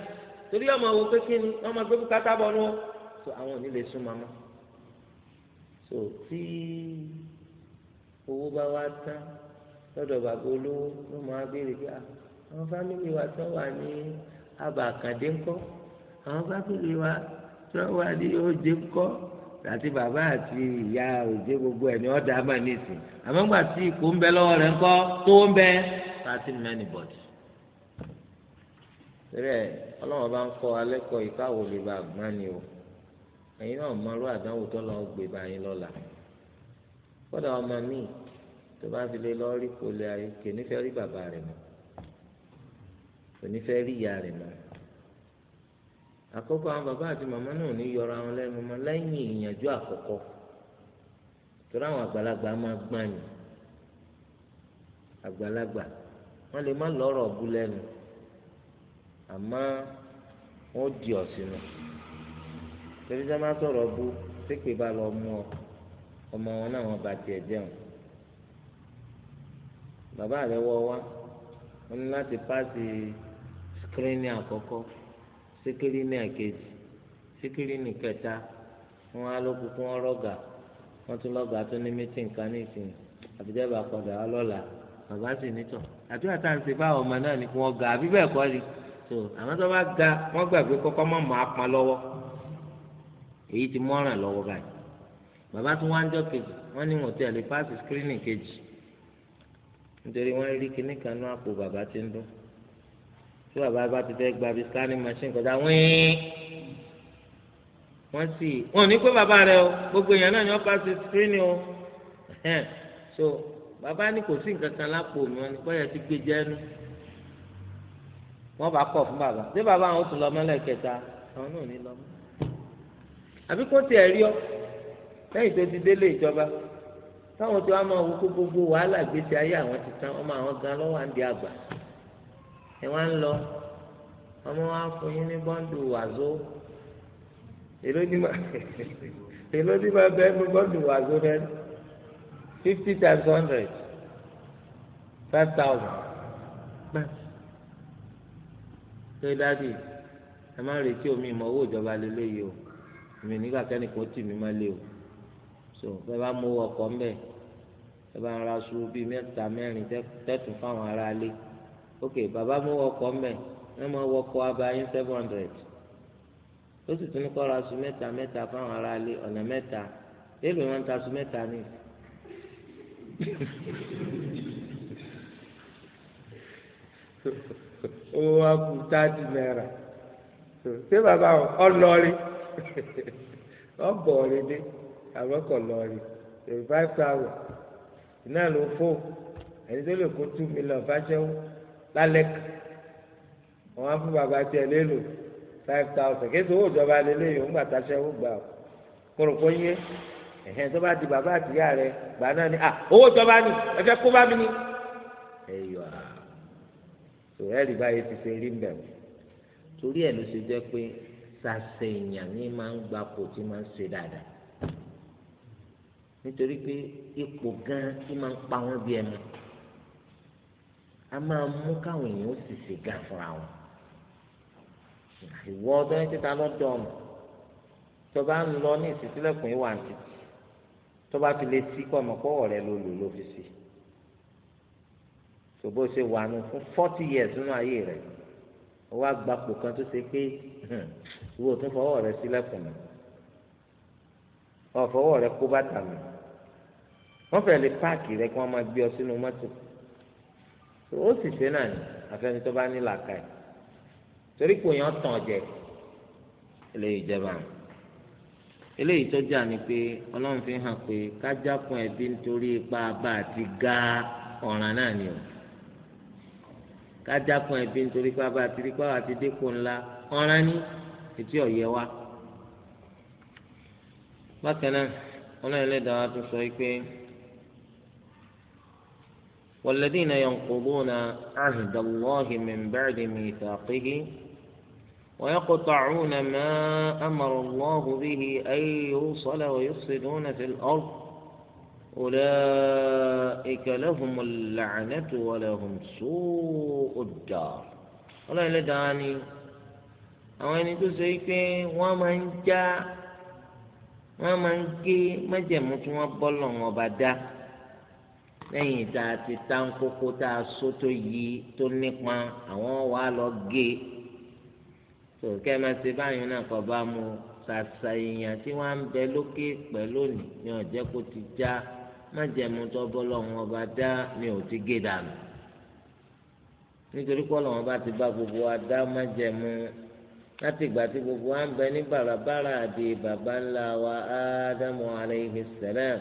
torí ọmọ wo pé kí ni ọmọ pé bùkátà bọ̀ lọ́wọ́ so àwọn ò ní lè sún mamá so tí owó bá wá tán lọ́dọ̀ bàbá olówó ló máa béèrè pé àwọn fámìlì wa tó wà ní abà àkàndé ńkọ́ àwọn fámìlì wa tó wà ní òjé ńkọ́ àti bàbá àti ìyá òjé gbogbo ẹ̀ ní ọ̀dà àmà nìsín àmọ́ gbà tí ikú ń bẹ lọ́wọ́ rẹ̀ ńkọ́ tó ń bẹ láti mẹ́ni bọ̀dì. rẹ̀ ọlọ́wọ́n bá ń kọ́ alẹ́ kọ́ ìkáwò lè ba àgbọ́n o ẹ̀yin náà mọ irú àdánwò tó lọ́ọ́ gbé báyìí lọ́la kódà ọmọ míì tó bá fi lè lọ rí polẹ ayé kò ní fẹ́ rí bàbá rẹ̀ mọ́ kò ní fẹ́ rí ìyá rẹ̀ mọ́ àkọ́kọ́ àwọn bàbá àti màmá náà ní yọra wọn lẹ́nu mọ́ lẹ́yìn ìyànjú àkọ́kọ́ torí àwọn àgbàlagbà máa gbọ́n ni àgbàlagbà wọ́n lè má lọ́rọ̀ bú lẹ́nu àmọ́ wọ́n di ọ̀sìnà torí sẹ́ máa sọ̀rọ̀ bú sépè bá lọ mú ọ ọmọ wọn náà wọ́n bá jẹun bàbá rẹ̀ wọ wá wọ́n ní láti paasi skirini àkọ́kọ́ skirini àkejì skirini kẹta wọ́n á ló kúkú wọ́n rọgà wọ́n tún lọgà tó ní mítìn kan ní ìsìn àbíjẹba padà wá lọ́la bàbá sì nítọ àti àti àǹtí bá ọmọ náà ní kí wọ́n ga àbí bẹ́ẹ̀ kọ́ ni tó àwọn tó bá ga wọ́n gbàgbé kọ́kọ́ mọ mọ apọn lọ́wọ́ èyí tí mọràn lọ́wọ́ báyìí bàbá tún wá ń jọ kejì wọ́n ní wọ́n tẹ̀lé paasi skirini kejì nítorí wọ́n rí kinní kan ní àpò bàbá tí ń dún tí bàbá bá ti fẹ́ gba bí scanning machine kọjá wíín wọ́n sì wọ́n ní pé bàbá rẹ o gbogbo èèyàn náà ni wọ́n pass screen o so bàbá ní kò sí nǹkan kan lápò mi wọ́n ní bọ́yà ti gbé jẹ́nu wọ́n bá kọ̀ fún bàbá ṣé bàbá àwọn tún lọ mọ́lẹ̀ kẹta àwọn náà ní lọ mọ́ àbí kó tiẹ̀ rí ọ lẹ́yìn tó ti délé ìjọba táwọn tí wàá máa wo kó gbogbo wàhálà gbèsè ayé àwọn ti tán ọmọ àwọn gan lọ́wọ́ à ń di àgbà ẹ wá ń lọ ọmọ wa fún yín ní bọ́ǹdù wàzó èló ní ma èló ní ma bẹ́ẹ̀ ní bọ́ǹdù wàzó rẹ fifty times hundred five thousand bẹ́ẹ̀ ṣé dáàdi ẹ má retí omi ìmọ̀ owó ìjọba lélẹ́yìí o èmi nígbà kẹ́nìkan tì mí má lé o so bẹ́ẹ̀ bá mú ọkọ̀ ńbẹ ẹ bá ra aṣọ bíi mẹ́ta mẹ́rin tẹ́tùn fáwọn ará ilé ok bàbá mú ọkọ̀ ńbẹ ẹ máa wọkọ̀ abayín seven hundred ó sì tún kọ́ ra aṣọ mẹ́ta mẹ́ta fáwọn ará ilé ọ̀nà mẹ́ta ébì wọn ń ta aṣọ mẹ́ta ní. owó wa kú táàdì náírà ṣé bàbá ọlọrin ọbọ rẹ dé àbọ̀kọ̀ lọ rí twenty five thousand iná ló fò ẹni tó lè kó two million fáṣẹ́wó lálẹ́ kan wọn á fún bàbá tiẹ̀ lélo five thousand kéde owó ìjọba lélẹ́yìn òun gbàtà ṣẹ́wó gbà ó kúrò kó yé ẹ̀hẹ́n tó bá di bàbá àtìyá rẹ̀ gbà náà ni ah owó ìjọba ni ẹ fẹ́ kó bá mi ni ẹyọ a tó ẹrí báyìí ti ṣe rí mbẹ o torí ẹ ló ṣe jẹ pé sàṣẹ èèyàn ní máa ń gba tí máa ń ṣe dáadáa nítorí pé ipò gan tí máa ń pa wọn bí ẹnu a máa mú káwọn èèyàn ó sì ṣe gan fúnra wọn ìwọ ọdọ yẹn títa lọ́dọ̀ ọmọ tọba ń lọ ní ìsísílẹ̀kùn ìwà àǹtí tọba ti lè sí kọ ọmọ pọwọ rẹ ló lò ló fi sí tòbó ṣe wà nù fún forty years nínú ayé rẹ wọ́n á gbapò kan tó ṣe pé ìwọ ò tún fọwọ́ rẹ sílẹ̀kùn mi ọ̀fọwọ́ rẹ kó bàtà mi wọ́n fẹ́ lè páàkì rẹ kí wọ́n máa gbé ọ sínú mọ́tò ó sì ṣe náà ní àfẹni tó bá ní làákàyè torí kò yàn tàn jẹ eléyìí jẹba eléyìí tó jà ní pé ọlọ́run fi hàn pé kájá ẹbí nítorí ipa bá a ti ga ọ̀ràn náà ni o kájá kun ẹbí nítorí ipa bá a ti rí pàwọ́ àti dínkù ńlá ọ̀ràn ní etí ọ̀yẹ́ wa bákan náà ọlọ́run ẹlẹ́dàá wa tún sọ yìí pé. والذين ينقضون عهد الله من بعد ميثاقه ويقطعون ما امر الله به ان يوصل ويفسدون في الارض اولئك لهم اللعنه ولهم سوء الدار ولا لداني àwọn ẹni tó ṣe pé wọn máa ń já wọn máa ń gé májẹmú tí wọn bọ́ lọ́wọ́ ọba dá lẹ́yìn tá a ti ta ń kókó tá a só tó yí tó nípa àwọn wà á lọ gé tó kẹ́ máa ṣe báyìí náà kọ́ bá mu ṣàṣà èèyàn tí wọ́n á ń bẹ lókè pẹ̀ lónìí ni ọ̀jẹ́ kó ti já májẹ̀mú tó bọ́lọ̀ wọn bá dá ni ò ti gé dànù nítorí pọ́lọ̀ wọn bá ti bá gbogbo wa dá májẹ̀mú láti ìgbà tí gbogbo wa ń bẹ ní bàràbàrà àdé bàbá ńlá wa ádámù alayhi salam.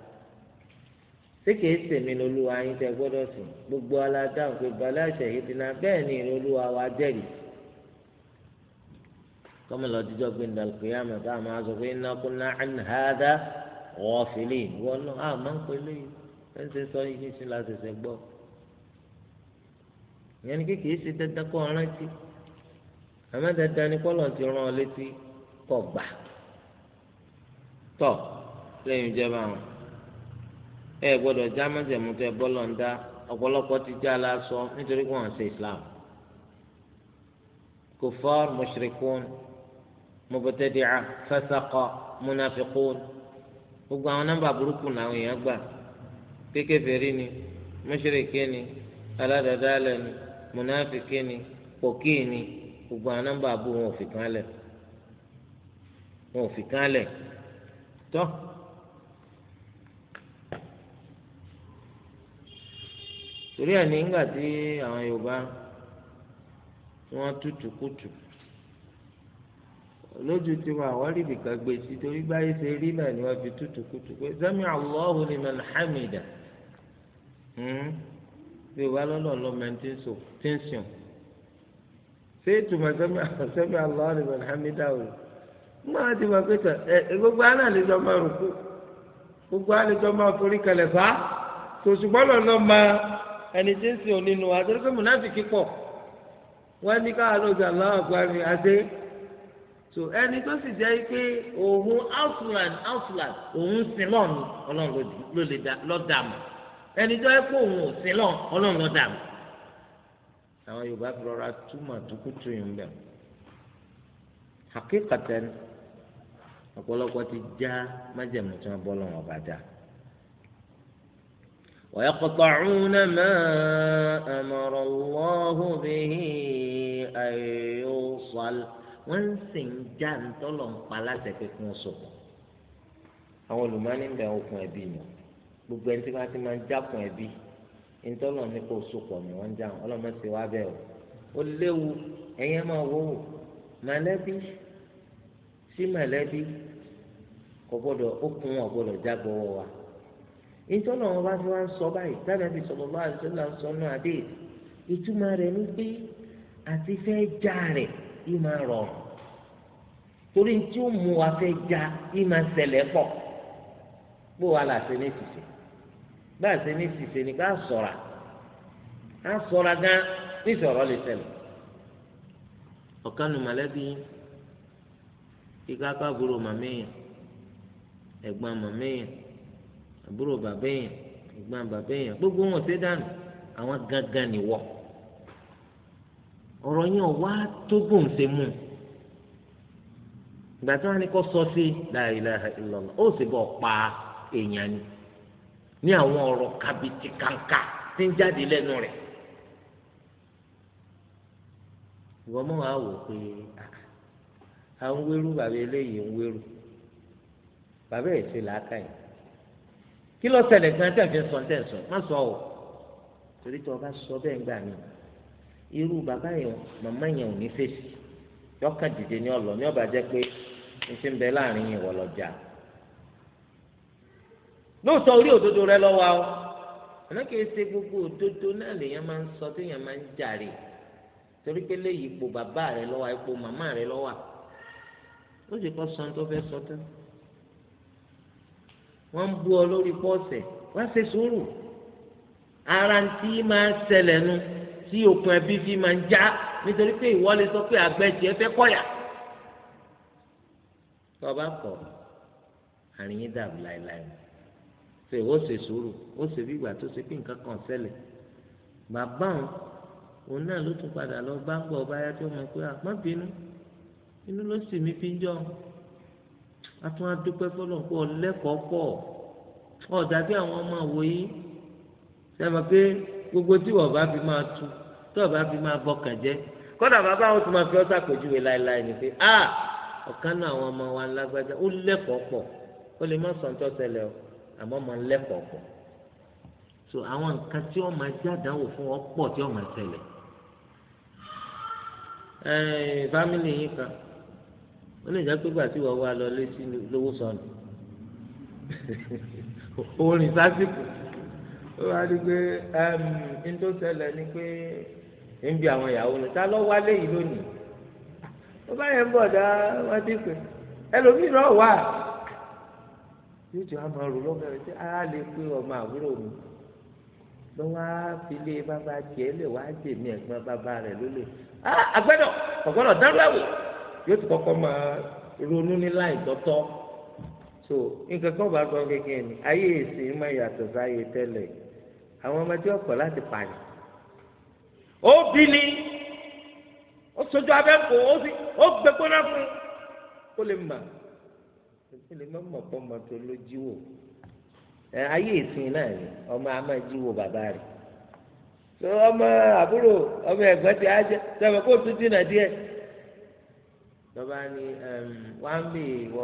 ṣé kìí sèmi lolúwa yín tẹ gbọ́dọ̀ sìn gbogbo aládáhùn pé balẹ̀ àṣẹ yìí ti náà bẹ́ẹ̀ ni ìrọlúwa wa jẹ́rìí kọ́mọlọ dídọ́ gbẹ̀ndà kìyàmù tá a máa sọ pé iná kún náà ń ha dá ọ̀ọ́fìlì wọn náà a máa ń pè léyìí ẹ̀ ń ṣe sọ yìí níṣẹ́ la ṣẹ̀ṣẹ̀ gbọ́ ìyẹn ni kékeré ṣe dandan kọ́ rántí àmọ́ dandan ni kọ́lọ̀ ti rán ọ létí kọ̀ gbà tọ̀ lẹ́yìn ìjọba àwọn ẹ gbọ́dọ̀ já mọ́tẹ̀mú tẹ bọ́lọ̀ ń dá ọ̀pọ̀lọpọ̀ ti já aláṣọ nítorí kí wọ́n ṣe islam kufar mushrikun mubtadi'a fasaqa munafiqun gbogbo àwọn nọ́mbà burúkú làwọn èèyàn gbà kékeré ni mushrike ni aládàdálẹ̀ ni munafike ni pòkì ni gbogbo àwọn nọ́mbà abú wọn ò fi kan lẹ̀ wọn ò fi kan lẹ̀ tọ́. torí ẹ̀ nígbà tí àwọn Yorùbá tí wọ́n tutù kutù lójú tí wọn àwọn rí ibìkan gbé sí torí báyìí ṣe rí náà ni wọ́n fi tutù kutù pé sami Allahu liman hamida hmm? bí Yorùbá lọ́nà lọ́mọ ẹni tí ń sùn ṣé ìtumọ̀ sami Allahu liman hamida o mọ àti wọn pé tẹ ẹ gbogbo àná lè jọ máa rùkú gbogbo àná lè jọ máa forí kalẹ̀ fà á lọ́nà máa ẹni tí ń sìn òní nu àti pé mùnáfìkì pọ̀ wọ́n ní káwọn lóògbé aláwọ̀ parí adé tó ẹni tó sì jẹ́ pé òun outland outland òun sin lọ́ọ̀nù ọlọ́run ló lè lọ́dà mọ̀ ẹni tó yẹ kó òun ò sin lọ́ọ̀nù ọlọ́run lọ́dà mọ̀ àwọn yorùbá fi rọra túmọ̀ tukutu yìí ń bẹ̀ àkíkàtà ọ̀pọ̀lọpọ̀ ti já májèmọ̀ tí wọ́n bọ́ lọ́wọ́ ọ̀bàdà. ويقطعون ما أمر الله به أن يوصل wọ́n sì ń já ntọ́lọ̀ ń pa láti pé kí wọ́n sọ̀kọ̀. àwọn olùmọ́ni ń bẹ okùn ẹbí nù gbogbo ẹni tí wọ́n ti máa ń jákun ẹbí ntọ́lọ̀ ní kò ni wọ́n ń já ọlọ́mọ sí wa bẹ́ẹ̀ o. ó léwu ẹ̀yẹ́ máa wò ó mọ̀lẹ́bí sí mọ̀lẹ́bí kò gbọ́dọ̀ okùn wọn gbọ́dọ̀ já gbọ́wọ́ wa ètò ọlọ́run bá fi wá ń sọ báyìí dáadáa fi sọ̀rọ̀ bá àdúrà sọ náà dé ìtumọ̀ rẹ̀ ni pé àti fẹ́ já rẹ̀ yìí máa rọrùn torí tí ó mú wa fẹ́ já yìí máa ṣẹlẹ̀ pọ̀ bó wa là ṣe ní ṣiṣẹ́ bá ṣe ní ṣiṣẹ́ ni ká ṣọ́ra ká ṣọ́ra gan ní ìṣòro lè ṣẹlẹ̀ ọ̀kan mọ̀lẹ́bí ìkápá gbòòrò màmí ẹ̀gbọ́n màmí àbúrò bàbá èèyàn ìgbọ́n bàbá èèyàn gbogbo wọn ṣe dànù àwọn gangan nìwọ ọ̀rọ̀ yẹn wá tó bòun ṣe mú un ìgbà tí wọn ní kó sọ sí la ilaha ó sì bọ̀ pa èèyàn ni ní àwọn ọ̀rọ̀ kàbìtì kàǹkà tí ń jáde lẹ́nu rẹ̀ ìwọ mọ́ wàá wò pé à ń wérú bàbá eléyìí ń wérú bàbá ẹ̀ ṣe làákà kí ló ṣẹlẹ̀ gan tẹ̀ fi sọ tẹ̀ sọ má sọ o torí tí wọ́n bá sọ bẹ́ẹ̀ gbà mí irú bàbá yẹn màmá yẹn ò ní fèsì yọkàn dìde ní ọlọ ní ọba jẹ́ pé n ti ń bẹ láàrin yìí wọ lọjà lóòótọ́ orí òdodo rẹ lọ́wọ́ o àná kìí ṣe gbogbo òdodo náà lèèyàn máa ń sọ téèyàn máa ń jàre torí pé léyìí ipò bàbá rẹ lọ́wọ́ ipò màmá rẹ lọ́wọ́ ó sì kọ́ sọ tó fẹ́ sọ tán wọ́n ń bú ọ lórí pọ́ọ̀sẹ̀ wá ṣe sùúrù ara ń tí máa ń ṣẹlẹ̀ nu tí okùn ẹbí fi máa ń já nítorí pé ìwọ lè sọ pé àgbẹ̀jì ẹ fẹ́ kọ̀yà tó o bá kọ̀ àríyìn dàbí láéláé ṣe ó ṣe sùúrù ó ṣe bí ìgbà tó ṣe pé nǹkan kan ṣẹlẹ̀ bàbá òun òun náà ló tún padà lọ bá ń gbọ́ ọba ayá tó mọ̀ pé àpọ́n bínú inú ló sì mí fi ń jọ ọ́n atún adúpẹ́ fọlọ́n pọ̀ lẹ́kọ̀ọ́ pọ̀ ọ̀dà bí àwọn ọmọ wòye sẹ́mi pé gbogbo tí wọ́n bá fi máa tu tí wọ́n bá fi máa bọkàn jẹ́ kọ́dà bàbá wọn tún máa fi ọ́sà pèjúwe láéláé ni pé a ọ̀kan náà àwọn ọmọ wa lágbájá ó lẹ́kọ̀ọ́ pọ̀ ó lè má sọ̀ńtọ́ ṣẹlẹ̀ o àmọ́ máa lẹ́kọ̀ọ́ pọ̀ so àwọn nǹkan tí wọ́n máa jádàwò fún wọn pọ̀ tí wọ́n máa ṣẹlẹ̀ ẹ̀ẹ́n wọn lè jẹ́ pé gbà tí wọ́n wá lọ létí lówó sọnù orin sásìkò ó wá di pé ẹm tó ṣẹlẹ̀ ni pé ń bi àwọn ìyàwó ni ta lọ wálé yìí lónìí ó bá yẹn ń bọ̀ dá wọ́n ti pè ẹlòmíì náà wà yóò ti wá máa rò lọ́gbẹ̀rẹ̀ tí a lè pé ọmọ àbúrò mi lọ́wọ́ àfilé bàbá tiẹ̀ lè wá jèmí ẹ̀gbọ́n bàbá rẹ̀ lólè ah, àgbẹ̀dọ̀ kọ̀gbọ́dọ̀ dáńgbàwé yóò ti kọ́kọ́ máa ronú ní láì tọ́tọ́ so nǹkan kan bá gbọ́n kékeré ni ayé èsì máa yàtọ̀ sáyé tẹ́lẹ̀ àwọn ọmọdé ọ̀pọ̀ láti pààyàn ó bí ni ó sojú abẹ́kọ̀ ó sì ó gbẹ́gbóná fún kó lè mà kó lè má mọ̀ pọ́ mọ́ tó ló jíwò ayé èsì náà ni ọmọ a máa jíwò bàbá rẹ̀ ọmọ àbúrò ọmọ ẹ̀gbọ́n ti á jẹ́ sọ̀rọ̀ kó tún dínà díẹ̀. lọ́ba ni wá ń bè wọ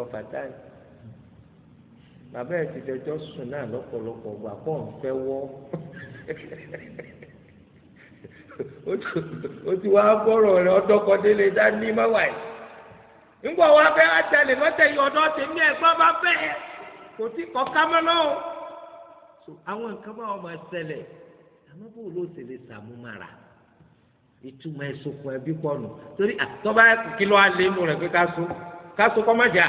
bàbá ẹ̀ ti sùn náà lọ́pọ̀lọpọ̀ gbà pọ̀ ń ti wá nígbà yìí bá kò tí kọ́ kámẹ́lọ́ o àwọn nǹkan bá wọn máa ṣẹlẹ̀ àmọ́ bó ló ṣe ìtumọ̀ ìsopọ̀ ẹbí pọ̀ nù torí àtọ́ba kìlọ̀ alẹ́ inú rẹ̀ pé ká so ká so kọ́ mọ́jà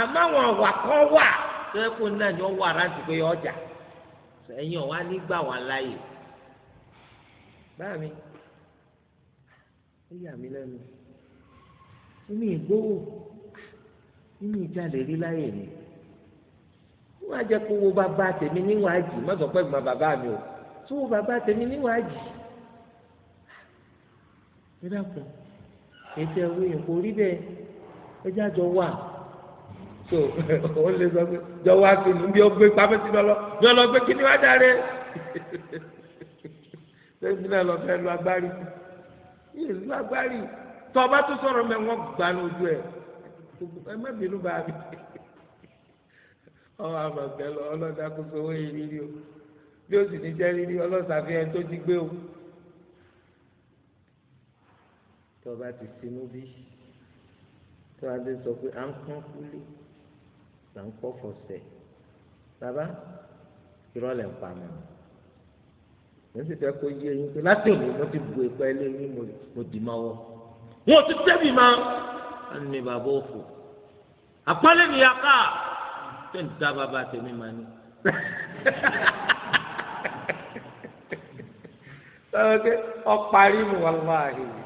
àmọ́ àwọn ọ̀wà kọ́ wà tó yẹ kó náà ni ó wà rántí pé ọjà ẹ̀yin ọ̀wá nígbà wà láàyè báàmí ó yà mí lẹ́nu inú ìgbówó inú ìjàlè rí láyè ni wọ́n á jẹ́ kó wo bàbá tèmi níwájú mọ́tò pẹ́ gbọ́n bàbá mi o tó wo bàbá tèmi níwájú ẹ dàpọ̀ ètò ẹ̀wé yẹn kò rí bẹ́ẹ̀ ẹ jẹ́ àjọ wà so ó lè sọ pé jọ wá sí ni bí ó gbé pamẹ́ sí lọ́lọ́ bí ọlọ́ gbé kíní wá dáre sẹ́yìn náà lọ fẹ́ lu agbárí yìí lu agbárí tọ́ ọba tó sọ̀rọ̀ mẹ́ wọ́n gbà ní ojú ẹ̀ ẹ má bínú bá mi ọ àmọ̀tẹ́ lọ ọlọ́dà kó sọ owó yìí rírí o bí ó sì ní jẹ́ rírí ọlọ́sàfihàn tó ti gbé o. tí ọba ti sinú bí tí wọn adé sọ pé à ń kán kúlé là ń kọ́ fọ̀sẹ̀ bàbá ìrọ̀lẹ́ ń pa mọ́ mo sì fẹ́ kó yé yín pé láti òní mo ti bu ìpẹ́ ilé yín mo dì máa wọ wọn ti tẹ́bi máa wọn ní bàbá òfò àpọ́nlé mi yà ká tó ń dá bàbá tèmi máa ní. ọ̀parí mu wàlúwàá yìí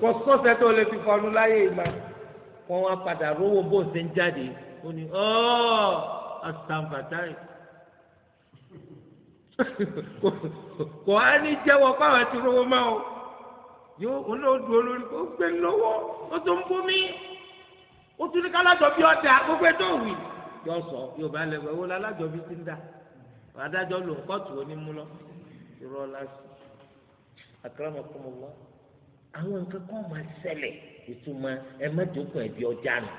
kọsikọsẹ tó lè fi fọnú láyé ìgbà wọn wá padà rówó bó ṣe ń jáde ó ní ọ asanfatai kò á ní jẹ́wọ́ káwọn ti rówó mọ́ o yóò olóòdù olórí kò gbé lọ́wọ́ ó tún ń bomi ó tún ní kálájọ bí ọjà gbogbo ẹ tó wì sọ yóò bá lẹgbẹ wo lálájọ bí ti ń dà adájọ́ ló ń kọ́tù onímú lọ ìrọ̀ lásì àkàrà mọ̀kúmọ̀ àwọn nǹkan kan máa ṣẹlẹ̀ ìtumọ̀ ẹ má jókòó ẹbí ọjà nù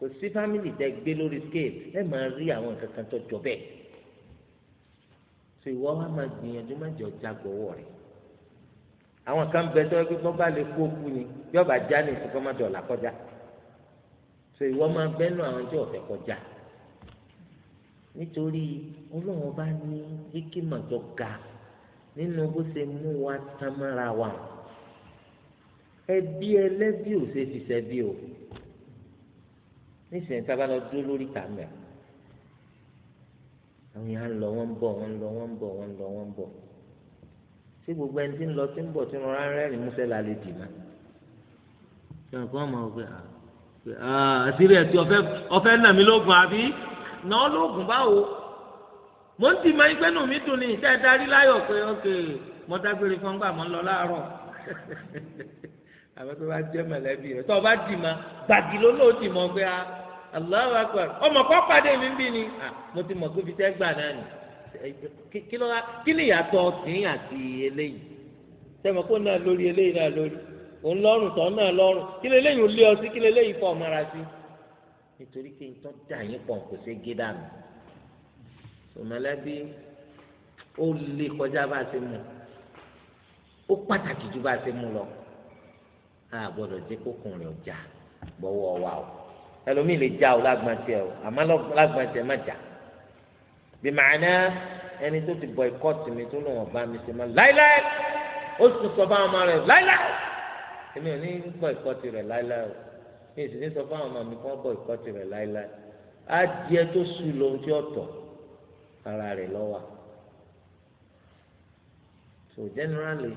kò sí fámìlì tẹ gbé lórí scale ẹ máa rí àwọn nǹkan kan tó jọ bẹ́ẹ̀ so ìwọ wa máa gbìyànjú má jẹ ọjà gbọ́wọ́ rẹ̀ àwọn kan bẹ tó ẹgbẹ tó lè kó kú ni yóò bá já ní ìsìnkú má dọ̀là kọjá so ìwọ máa bẹ́nu àwọn tí ọ̀fẹ́ kọjá nítorí Ọlọ́run bá ní hikima tó ga nínú bó ṣe mú wa tán mára wa ẹbí ẹlẹ́bí ò ṣe fi ṣẹbí o nísìnyí tá a bá lọ dúró lórí kàmẹ àwọn yẹn á lọ wọn bọ wọn lọ wọn bọ wọn lọ wọn bọ tí gbogbo ẹni tí ń lọ tí ń bọ̀ tí wọn rárẹ̀ ní musa la lè dì mọ́. ṣé nǹkan ọmọ ọgbẹ àgbẹ àṣírí ẹ̀ tí ọ̀fẹ́ ọ̀fẹ́ nà mí lóògùn àbí nà ọ́ lóògùn báwo mo ń tì mọ́ ẹgbẹ́ nù mí dùn ní ìtẹ́ darí láyọ̀ pé ok mo fún gbà mo ń lọ láàárọ̀ àbẹ tó bá jẹ mọ̀lẹ́bí rẹ tó o bá dì ma gbàgì ló lóò dì mọ pé ah, Allahu akbar ọmọ kọ pàdé mi bí ni ah, mo ti mọ kó fi tẹ gbà náà ni kí ni ìyàtọ̀ tìǹ àti eléyìí sẹmọ kó náà lórí eléyìí náà lórí òun lọ́rùn tọ́ náà lọ́rùn kí lè léyìn olé ọtí kí lè léyìn fọ́ ọmọra sí. nítorí kí n tọ́ da yín pọ̀ kò ṣe gé dànù. sọmọlẹ́bí ó lè kọjá bá a ṣe mú ó pàtàkì ju bá a ṣe mú lọ a gbọ́dọ̀ jẹ́ kókùnrin ọjà gbọ́wọ́ wa o ẹlòmíì lè já o lágbàtì ẹ o àmọ́ lágbàtì ẹ má jà bí màánà ẹni tó ti bọ ikọ́ tì mí tó lòun ọba mi ṣe má láíláí ó sì sọ fún àwọn ọmọ rẹ láíláí èmi ò ní bọ ikọ́ tì rẹ láíláí o mi sì ní sọ fún àwọn ọmọ mi kó bọ ikọ́ tì rẹ láíláí adìẹ tó sùn lóhun tí ọ̀tọ̀ ara rẹ̀ lọ́wọ́ so generally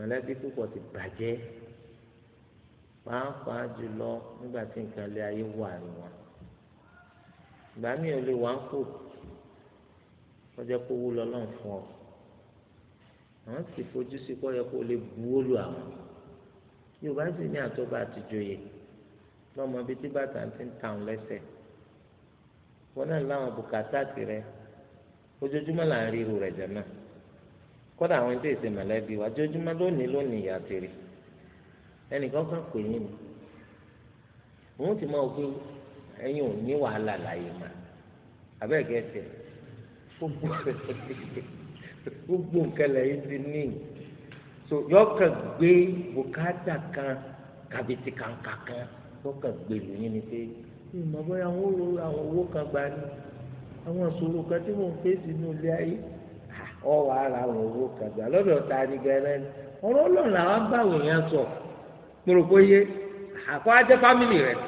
mọ̀lẹ́bí púpọ̀ ti bàjẹ́ pàápàá jùlọ nígbà tí nǹkan lé ayé wà ní wọn ìgbà míì ò lè wá ń kù ọjọ́ kó wú lọ náà fún ọ àwọn sì fojú sí kó yẹ kó lè buwó lu àwọn yorùbá sì ní àtọ́gbà àtijọ́yè lọ́mọ bíi tí bàtà ti ń tàn lẹ́sẹ̀ wọn náà láwọn bùkátà tirẹ̀ ojoojúmọ́ là ń ríru rẹ̀ jẹ́ náà kódà àwọn tó èsè mọ̀lẹ́bí wa jójúmọ́ lónìí lónìí ìyá tèrè ẹnìkan kan pè yín ni òun ti máa gbé ẹ̀yin ò ní wàhálà láàyè mà abẹ́ẹ̀kẹ́ tẹ̀ gbogbo nǹkan lẹ́yìn ti ní so yọkàn gbé bùkátà kan kàbìtì kàǹkà kan yọkàn gbé lóyún ni pé ìmọ̀ hmm, bóyá àwọn owó kan gbà ní àwọn ìṣòro kan tí mò ń fèsì ní ilé ayé. ọwọ́ ara àwọn owó kàgbà lọ́dọ̀ ta ni gẹ́rẹ́ ni ọ̀rọ̀ ọlọ́run làwọn bá àwọn èèyàn sọ mo rò pé yé àkọ́ ajẹ́ fámìlì rẹ̀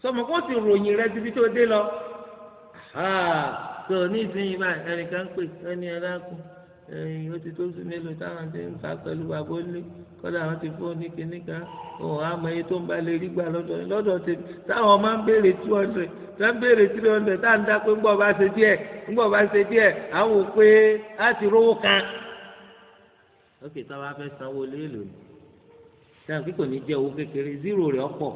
sọmọ kó sì ròyìn rẹ síbi tó dé lọ tó ní ìsinyìí báyìí ẹnìkan pè ẹni ẹ̀yìn ó ti tó sí mélòó táwọn ti ń ta pẹ̀lú bàbá olè kọ́dà àwọn ti fún ní kinní kan òun àmọ́ iye tó ń ba lè rí gbà lọ́dọ̀ lọ́dọ̀ tèmi táwọn máa ń béèrè two hundred tá ń béèrè three hundred tá à ń dá pé ńgbọ́ bá ṣe díẹ̀ ńgbọ́ bá ṣe díẹ̀ à ń wò pé á ti rówó kan. ókè táwa fẹ́ sanwó léèlò ni táwọn kí ní jẹ́ owó kékeré zero rẹ̀ ọ̀pọ̀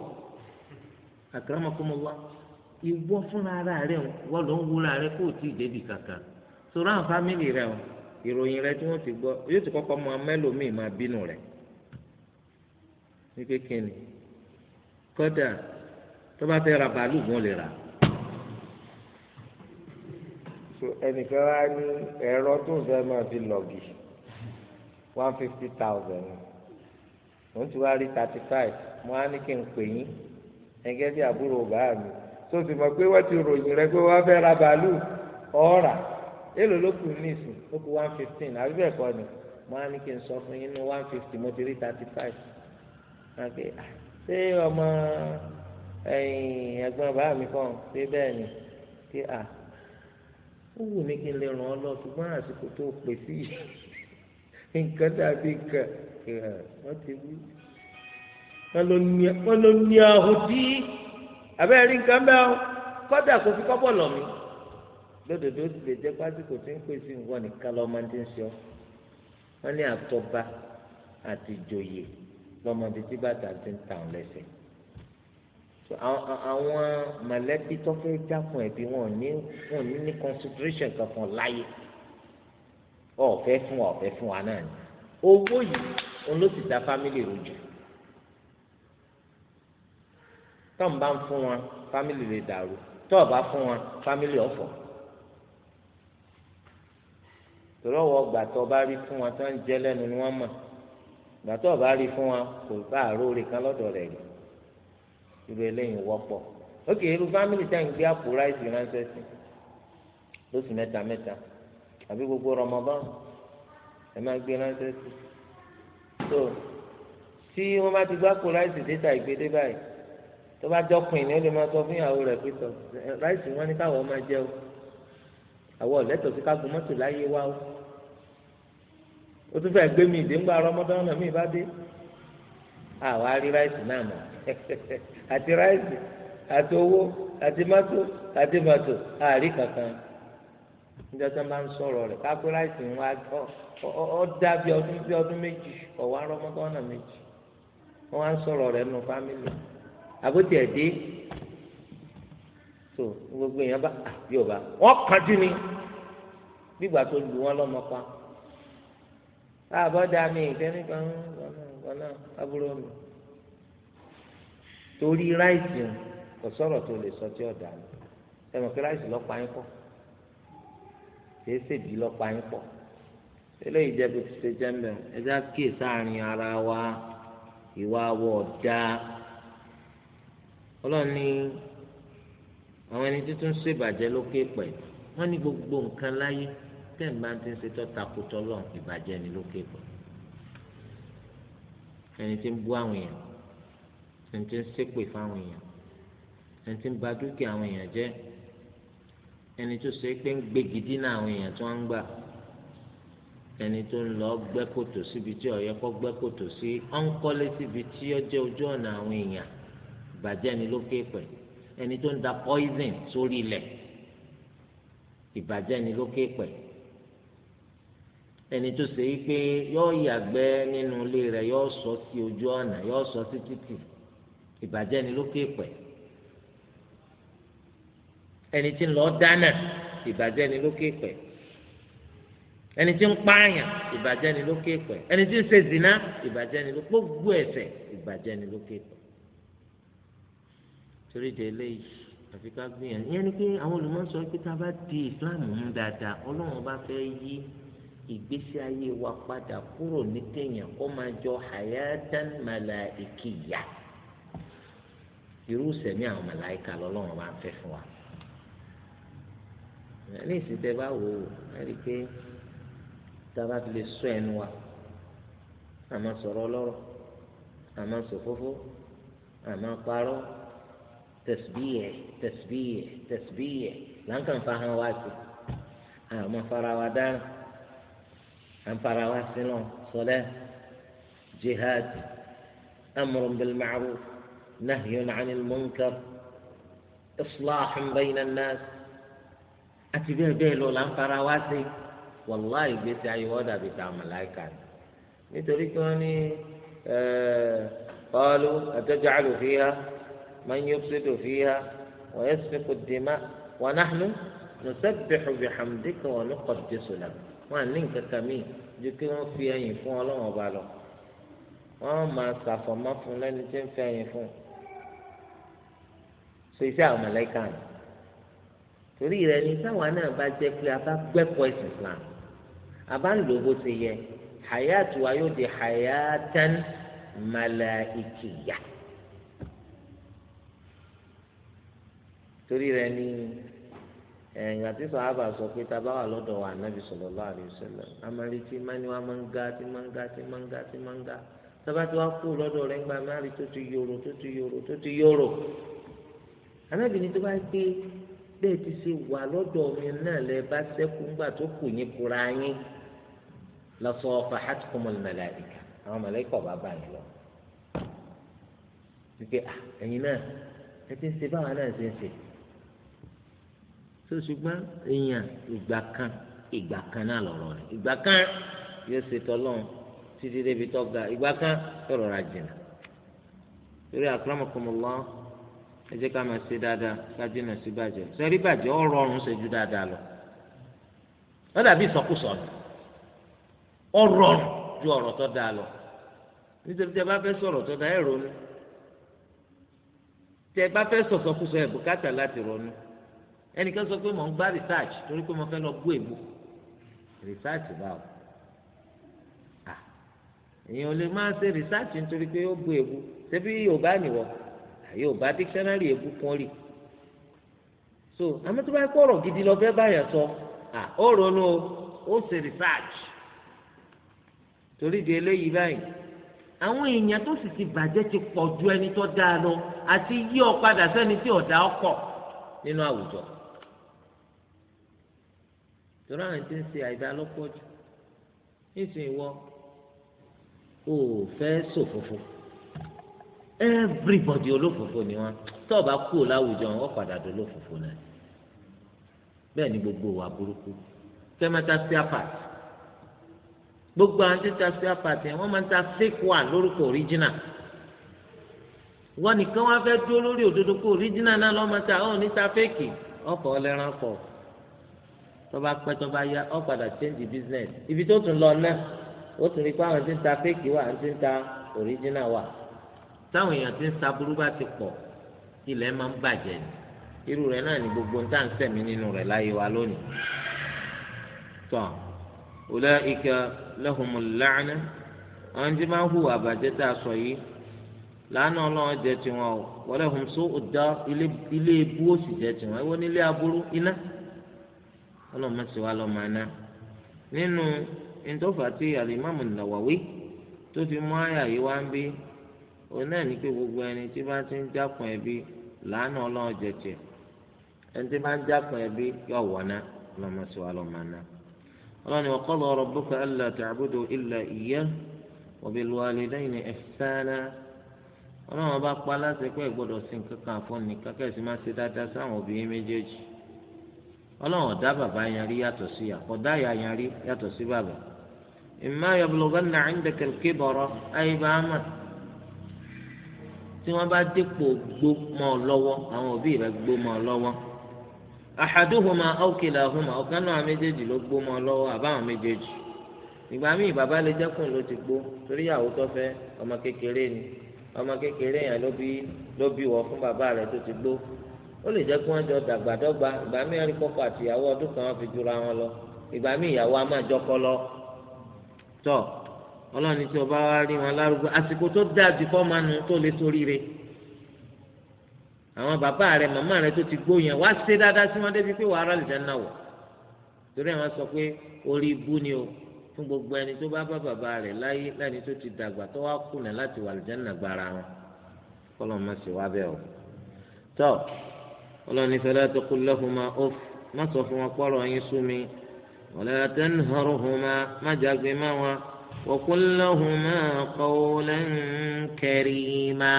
àkàràmọ́kọ́mọ́wá ìwọ fúnra rẹ̀ wọ́n ló ń wúra rẹ̀ kó o tí ì débi kankan sọ̀rọ̀ àwọn fámìlì rẹ̀ wọ́n ìròyìn rẹ tí wọ́n ti gbọ́ yóò ti kọ́kọ́ máa mẹ́lòmíì máa bínú rẹ̀ ní kékeré kódà tó bá fẹ́ ra bàálù gan lè rà á ẹnìkan wá ní ẹ̀rọ tó ń fẹ́ máa fi lọ̀gì one fifty thousand mo ti wá rí thirty five mo á ní kí n pè yín ẹgẹ́ bí àbúrò bàá mi tó sì mọ̀ pé wọ́n ti ròyìn rẹ pé wọ́n fẹ́ ra bàálù ọ̀ọ́rà èlò ló kù ní ìsìn ó kù one fifteen àbí bẹ́ẹ̀ kọ́ ni mo á ní kí n sọ fún yín ní one fifty mo ti rí thirty five ah, ṣé ọmọ ẹ̀gbọ́n bàbá mi kàn ṣé bẹ́ẹ̀ ni kí a ah, ó wù mí kí n lè ràn ọ́ lọ ṣùgbọ́n àsìkò tó pè sí nǹkan dàbí nǹkan wọ́n ti wí wọ́n ló ní ahùn tí àbẹ́rẹ́ nǹkan bẹ́ẹ̀ kọ́dà kò fi kọ́ bọ̀ lọ mi lódodo ti lè jẹ́ pásítọ̀ tí ń pèsè nǹkan nìkan lọ́mọ tí ń sọ wọ́n ní àtọ́ba àti ìjòyè lọ́mọdé tí bàtà ti ń ta ọ̀ lẹ́sẹ̀ àwọn mọ̀lẹ́bí tó fẹ́ jákun ẹ̀bí wọn ní wọn ní ní consideration kan fún láyé ọ̀fẹ́ fún wa ọ̀fẹ́ fún wa náà ni owó yìí òun ló sì dá fámìlì rojú tọ́ǹba ń fún wọn fámìlì lè dàrú tọ́ọ̀bá fún wọn fámìlì ọ̀fọ̀ torí ọwọ́ ọgbà tó bá rí fún wọn tó ń jẹ́ lẹ́nu ni wọ́n mọ̀ ìgbà tó bá rí fún wọn kò bá àróore kan lọ́dọ̀ rẹ̀ rí irú eléyìí wọ́pọ̀ ókè irú fámìlì tá à ń gbé àpò ráìsì ránṣẹ́ sí lóṣù mẹ́ta mẹ́ta àbí gbogbo Ramadan ẹ máa gbé ránṣẹ́ sí so tí wọ́n bá ti gbá àpò ráìsì déta ìgbédé báyìí tó bá jọkùn ìní ó lè máa sọ fún ìyàwó rẹ̀ pé tọ ráìsì wọn ní káwọn máa jẹ o àwọn ọ̀lẹ́tọ̀ sí ká gun mọ́tò láyé wa o ó tún fẹ́ gbé mi ìdè ńgbà rọmọdán náà mi bá dé àwa rí ráìsì náà mọ̀ àti ráìsì àti owó àti mọ́tò àti mọ́tò àárí kankan níjọ́ tí wọ́n bá ń sọ̀rọ̀ rẹ̀ ká pé ráìsì ń wá ọ dá bí ọdún bí ọdún méjì ọ̀wá rọmọdán náà méjì wọ́n wá ń sọ̀rọ̀ rẹ̀ nù fámìlì àbótiẹ̀ dé so gbogbo èèyàn bá ah, yóò bá wọn kánjú ni gbígbà tó lu wọn lọmọ pa àbọ̀dá mi ìfẹ́ni kan gbọ́nà àbúrò mi torí ráìsì kò sọ̀rọ̀ tó lè sọ tí ọ̀dà mi ẹ mọ̀ pé ráìsì lọ́pàá yín pọ̀ kìí ṣèbí lọ́pàá yín pọ̀ eléyìí jẹ́ bó ti ṣe jẹ́ mbẹ́ ẹja sáàrin ara wa ìwà wọ̀ dáa ọlọ́ni àwọn ẹni tí tún ṣèbàjẹ́ lókè pẹ̀ wọ́n ní gbogbo nǹkan láyé tẹ́ẹ̀ bá ti ń ṣe tọ́ta kó tọ́lọ̀ ìbàjẹ́ ni lókè pẹ̀ ẹni tí ń bú àwọn èèyàn ẹni tí ń ṣépè fáwọn èèyàn ẹni tí ń ba dúkìá àwọn èèyàn jẹ́ ẹni tó ṣe pé ń gbégi dínà àwọn èèyàn tí wọ́n ń gbà ẹni tó ń lọ gbẹ́ kòtò síbi tí ọ̀yẹ́ kọ́ gbẹ́ kòtò sí ọ̀ńkọ́lé síbi tí ó jẹ́ ojú ọ̀nà àwọn èèyàn ìbàjẹ́ ni lókè pẹ̀lú ẹni tó ń da poison sórí ilẹ̀ ìbàjẹ́ ni lókè pẹ̀ ẹni tó ṣe wípé yóò yàgbẹ́ nínú ilé rẹ̀ yóò sọ sí ojú ọ̀nà yóò sọ sí títì ìbàjẹ́ ni lókè pẹ̀ ẹni tí ń lọ dáná ìbàjẹ́ ni lókè pẹ̀ ẹni tí ń pààyàn ìbàjẹ́ ni lókè pẹ̀ ẹni tí ń ṣe zina ìbàjẹ́ ni lókè pẹ̀ gbogbo ẹ̀ṣẹ̀ ìbàjẹ́ ni lókè pẹ̀ torí de eléyìí àfi ká gbìyànjú ìyẹn ni pé àwọn olùmọ̀ sọ pé tá a bá di islam mú dáadáa ọlọ́run bá fẹ́ yí ìgbésí ayé wa padà kúrò ní téèyàn kó máa jọ hayatan malaikiya irú sẹ̀mí àwọn màláìka lọ́lọ́run bá fẹ́ fún wa ní ìsìtẹ́ bá wò ó ẹ̀rí pé tá a bá fi lè sọ ẹnu wa àmọ́ sọ̀rọ̀ ọlọ́rọ̀ àmọ́ sòfófó àmọ́ parọ́. تسبيح تسبيح تسبيح لان كان فاهم واسي آه ما فراودان أم فراواسي صلاة جهاد أمر بالمعروف نهي عن المنكر إصلاح بين الناس اتي به bẹ́ẹ̀ lọ là ń fara wá sí wàláhì ìgbésí ayé wọ́n dàbí ta màláìka ni nítorí kí من يفسد فيها ويسفك الدماء ونحن نسبح بحمدك ونقدس لك wọn ní nǹkan kan míì ju kí wọn fi ẹyìn fún Ọlọ́run ọba lọ wọn máa ṣàfọmọ fún lẹni tí ń fi ẹyìn fún so iṣẹ àwọn mọlẹka ni torí rẹ ni táwa náà bá jẹ pé a bá gbẹkọ ẹsìn Islam a bá ń lò bó ti yẹ hayat wa yóò di hayatan malaikiyah. torí rẹ̀ ní ẹ̀yìn àti sàhábà sọ pé tá a bá wà lọ́dọ̀ wa ànábì sallallahu alaihi wasallam amárí tí mání wa máa ń ga tí máa ń ga tí máa ń ga tí máa ń ga sábà tí wà kú lọ́dọ̀ rẹ̀ ńgbà máa rí tó ti yòrò tó ti yòrò tó ti yòrò ànábì ni tó bá gbé bẹ́ẹ̀ ti ṣe wà lọ́dọ̀ mi náà lẹ bá sẹ́kù ńgbà tó kù yín kura yín lọ́sọ̀ fàhátùkùmọ̀ màláíkà àwọn màláíkà ọ̀bá bá yín lọ. ẹ̀yin náà ẹ ti ń ṣe báwa náà ṣe ń ṣe tó ṣùgbọ́n èèyàn ìgbà kan ìgbà kan náà lọ̀rọ̀ rẹ̀ ìgbà kan yóò ṣe tọ́lọ́run títí débi tó ga ìgbà kan tọ̀rọ̀ ra jìnnà torí akramakumullah ẹ jẹ́ ká máa ṣe dáadáa ká jìnnà sí bàjẹ́ sẹ́rí bàjẹ́ ó rọrùn ṣe ju dáadáa lọ wọ́n dàbí ìsọkúsọ ni ó rọrùn ju ọ̀rọ̀ tó dáa lọ nítorí tẹ bá fẹ́ sọ̀rọ̀ tó dáa ẹ̀ ronú tẹ bá fẹ́ sọ̀sọkúsọ ẹ̀ bùkátà láti ronú ẹnìkan sọ pé mò ń gba research torí pé mo fẹ́ lọ gbó èbó research báwo èèyàn ò lè máa ṣe research nítorí pé ó gbó èbó ṣebí yorùbá nìwọ yorùbá dictionary èbó kún rí so àmọ́ tó bá kọ́ ọ̀rọ̀ gidi lọ fẹ́ báyà sọ ó ronú ó ṣe research torí di eléyìí báyìí àwọn èèyàn tó sì ti bàjẹ́ ti pọ̀ ju ẹni tó dáa lọ àti yí ọ padà sẹ́ni tí ọ̀dà ọkọ̀ nínú àwùjọ. No torí àwọn tí ń ṣe àìdá lọ́pọ̀ jù nísìnyí wọ o ò fẹ́ ṣòfófó everybody olófófó ni wọn tó o bá kú o láwùjọ wọn padà dé olófófó náà bẹ́ẹ̀ ni gbogbo wa burúkú kẹ́mẹ́ta part gbogbo àwọn tí ta part yẹn wọ́n máa ń ta fake one lórúkọ original wọ́n nìkan wá fẹ́ dúró lórí òdodo kó original náà lọ́ọ́ ta ọ̀ níta fake ọkọ̀ ọlẹ́ran pọ̀. tọba pẹ́ tọba ya ọ padà change business ibi tó tún lọ náà ó tún rí i pé àwọn tí ń ta fake wà àwọn tí ń ta original wà táwọn èèyàn tí ń sa burú bá ti pọ̀ ilẹ̀ máa ń bàjẹ́ ni irú rẹ̀ náà ni gbogbo ń tà ń sẹ̀mí nínú rẹ̀ láyé wa lónìí tọ́ ulaika lahumul la'na àwọn tí máa ń hùwà àbàjẹ́ tá a sọ yìí làánà ọlọ́run jẹ́ tiwọn o walahum su'ud dar ilé ibú òsì jẹ́ tiwọn ẹ wọ́n nílé aburú iná ọlọ́run má sì wá lọ́ máa ná nínú ntọ́fà tí alimami Nawawi tó fi mú àyà yìí wá ń bí òun náà ní pé gbogbo ẹni tí bá ti ń jápọn ẹbí làánà ọlọ́run jẹ̀jẹ̀ ẹni tí bá ń jápọn ẹbí yóò wọ̀ ná ọlọ́run má sì wá lọ́ máa ná ọlọ́run wa qada rabbuka alla ta'budu illa iyyahu wa bil walidayni ihsana ọlọ́run bá pa aláṣẹ pé ìgbọ́dọ̀ sí nǹkan kan fún ni kákẹ́sì má ṣe dáadáa sáwọn òbí méjèèjì ọlọ́run ọ̀dá bàbá yẹn ya yàtọ̀ sí ya ọ̀dá yà yẹn yàtọ̀ sí bàbá imma yablughanna 'indaka al-kibara aybahuma tí wọ́n bá dépò gbó mọ́ ọ lọ́wọ́ àwọn òbí rẹ̀ gbó mọ́ ọ lọ́wọ́ náà méjèèjì ló gbó mọ́ ọ lọ́wọ́ àbáwọn méjèèjì ìgbà míì bàbá lè jẹ́kùn ló ti gbó torí ìyàwó tó fẹ́ ọmọ kékeré ni ọmọ kékeré yẹn ló bí wọ́ fún bàbá rẹ̀ tó ti gbó ó lè jẹ́ kí wọ́n jọ dàgbàdọ́gba ìgbà míì ẹ̀rí kọ́kọ́ àti ìyàwó ọdún kan fi jura wọn lọ ìgbà míì ìyàwó a máa jọkọ lọ tọ ọlọ́ni tí o bá wá rí wọn lárúgbó àsìkò tó dáa ju fọ́ máa nu tó lè soríire àwọn bàbá rẹ màmá rẹ tó ti gbó yẹn wá ṣe dáadáa sí wọn débi pé wàá rà lìjẹ́ náà wọ̀ torí àwọn sọ pé orí ibú ni o fún gbogbo ẹni tó bá bá bàbá rẹ láyé lẹ́ni tó ti dàgbà tó wá kùnà láti wà lìjẹ́ náà gbára wọn kọ́lọ́ mọ̀ sí wá bẹ́ẹ̀ o tọ́. So, ọlọ́ni fẹlẹ́ tó kú lẹ́hùnmá ọ́f má sọ fún wọn pọ́rọ̀ yín sú mi wọ́lẹ́ tẹ́nihàrú hùnmá má jágbe má wọn wọ́kún lẹ́hùnmá kọ́wọ́lẹ́ kẹrìmá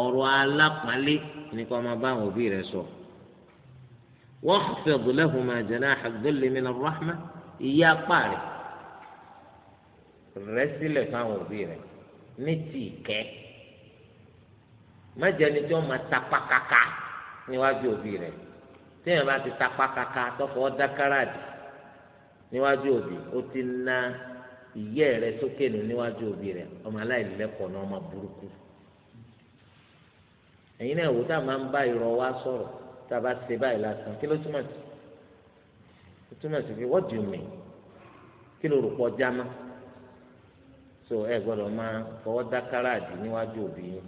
ọ̀rọ̀ alápàlẹ́ ní kó máa bá àwọn òbí rẹ̀ sọ. wọ́n fẹ̀dù lẹ́hùnmá jẹ̀nà àgbẹ̀lẹ́mí náà rọ́hámà ìyá apá rẹ̀ sílẹ̀ fáwọn òbí rẹ̀ ní tì í kẹ́ má tí wọ́n máa tapá kaka níwájú òbí rẹ̀ téèyàn bá ti tapá kaka tọfọ dákàràdì níwájú òbí ó ti na ìyẹ́ rẹ̀ sókè nù níwájú òbí rẹ̀ ọmọ aláìlẹ́kọ̀ọ́ náà ọmọ burúkú ẹ̀yin náà wò tá a máa ń bá irọ́ wa sọ̀rọ̀ tá a bá ṣe báyìí lásán kí ló túmọ̀ sí ó túmọ̀ sí pé what do you mean kí ló rò pọ̀ jámá so ẹ gbọ́dọ̀ máa fọwọ́ dákàràdì níwájú òbí yín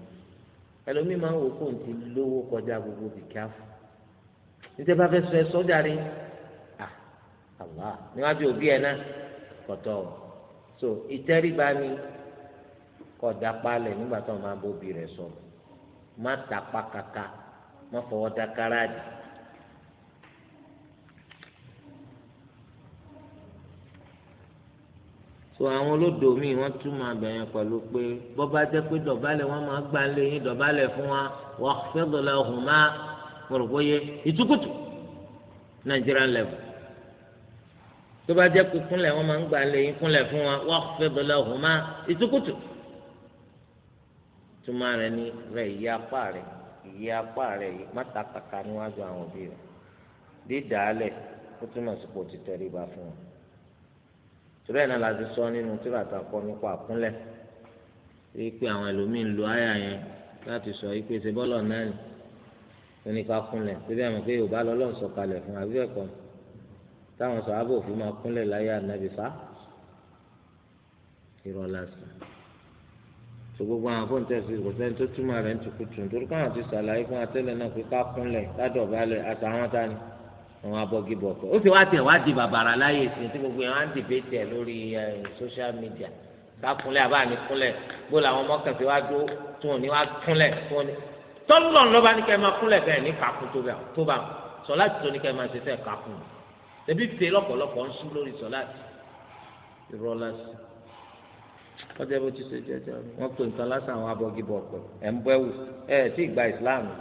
ẹlòmíì máa ń wò fóun ti lówó kọjá gbogbo bìkẹ́ àfọ̀ níta bá fẹ́ sọ ẹ sọ́jà rí àlá níwájú òbí ẹ náà kọ̀tọ̀ so ìtẹríba ni kọjá palẹ̀ nígbà tó máa bóbi rẹ̀ sọ̀rọ̀ má tàpá kàkà má fọwọ́ dákàrá dì. so àwọn olódò míì wọ́n túmọ̀ abẹ̀yẹn pẹ̀lú pé bọ́bá jẹ́ pé dọ̀bálẹ̀ wọ́n máa gbà lé yín dọ̀bálẹ̀ fún wa wọ́n fẹ́dọ̀lẹ̀ ọ̀hún má pọ̀rọ̀kọ́yé ìtukùtù Nàìjíríà lẹ́wọ̀ tó bá jẹ́ pé kúnlẹ̀ wọ́n máa ń lé yín kúnlẹ̀ fún wa wọ́n fẹ́dọ̀lẹ̀ ọ̀hún má ìtukùtù túmọ̀ rẹ̀ ni rẹ̀ yí apá rẹ̀ yí apá rẹ̀ yí mọ́tàkàkà níwájú àwọn òbí rẹ̀ dídàálẹ̀ ó túmọ̀ sí pò torí ẹ̀ náà la ti sọ nínú tí bàtà kọ́ nípa àkúnlẹ̀ èyí pé àwọn ẹlòmíín lo àyà yẹn láti sọ yìí pé ṣe bọ́lọ̀ náà nì oníkà kúnlẹ̀ síbẹ̀ mọ̀ pé yorùbá lọ́lọ́run sọ kalẹ̀ fún abẹ́ẹ̀kọ́ táwọn sọ abẹ́ òfin máa kúnlẹ̀ láyé ànábì fa irọ́ lásán tó gbogbo àwọn fóònù tẹ̀sí kò sẹ́ni tó túmọ̀ rẹ̀ ń tukùtù nítorí káwọn ti sàlàyé fún atẹ́lẹ̀ náà pé ká kúnlẹ̀ ká dọ̀bálẹ̀ àtàwọn tani àwọn abọ́gibọ̀tọ̀ ó sì wá tiẹ̀ wá di bàbàrà láyé ìsìn tí gbogbo yẹn wá ń dìbè tẹ̀ lórí social media kákúnlẹ̀ àbáàní kúnlẹ̀ bó làwọn mọ́kànsí wá dúró tí wọn ní wá kúnlẹ̀ tí wọn ní tọ́lọ̀ ńlọ́ba ní kẹ́ máa kúnlẹ̀ bẹ́ẹ̀ ní kakún tó bá sọ láti tó ní kẹ́ máa ṣe fẹ́ kakún tẹ̀bí fe lọ́pọ̀lọpọ̀ ń sún lórí sọ láti irọ́ lásì ọjọ́ bó ti ṣe jẹjọ́ wọn pè nǹkan lásán àwọn abọ́gibọ̀tọ̀ ẹ̀ ń bẹ́wù ẹ̀ tí ì gba ìsìláàmù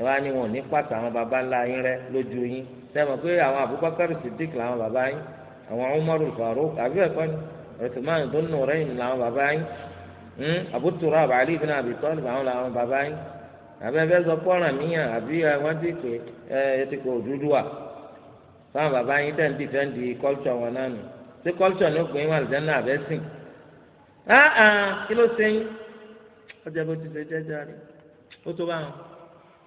ẹ wá ní wọn ní pàtó àwọn baba ńlá yín rẹ lójú yín sẹ́wọ̀n pé àwọn Abubakar Siddiq làwọn baba yín àwọn Umaru Farouk àbí ẹ̀kọ́ ni Uthman tó nù rẹ̀ yìí làwọn baba yín hmm? Abu Turab Ali ibn Abi Talib àwọn làwọn baba yín àbẹ́fẹ́ sọ pọ́nrán míyàn àbí wọ́n ti pè é ẹtì kò dúdú wa fáwọn baba yín tẹ̀ ń dìfẹ́ǹdì kọ́ltsọ̀ wọn náà nù ṣé kọ́ltsọ̀ ní òpin wà lẹ́nu náà àbẹ́ sìn kí ló ṣe yín ọjà bó ti ṣe jẹ́jà ó tó báwọn.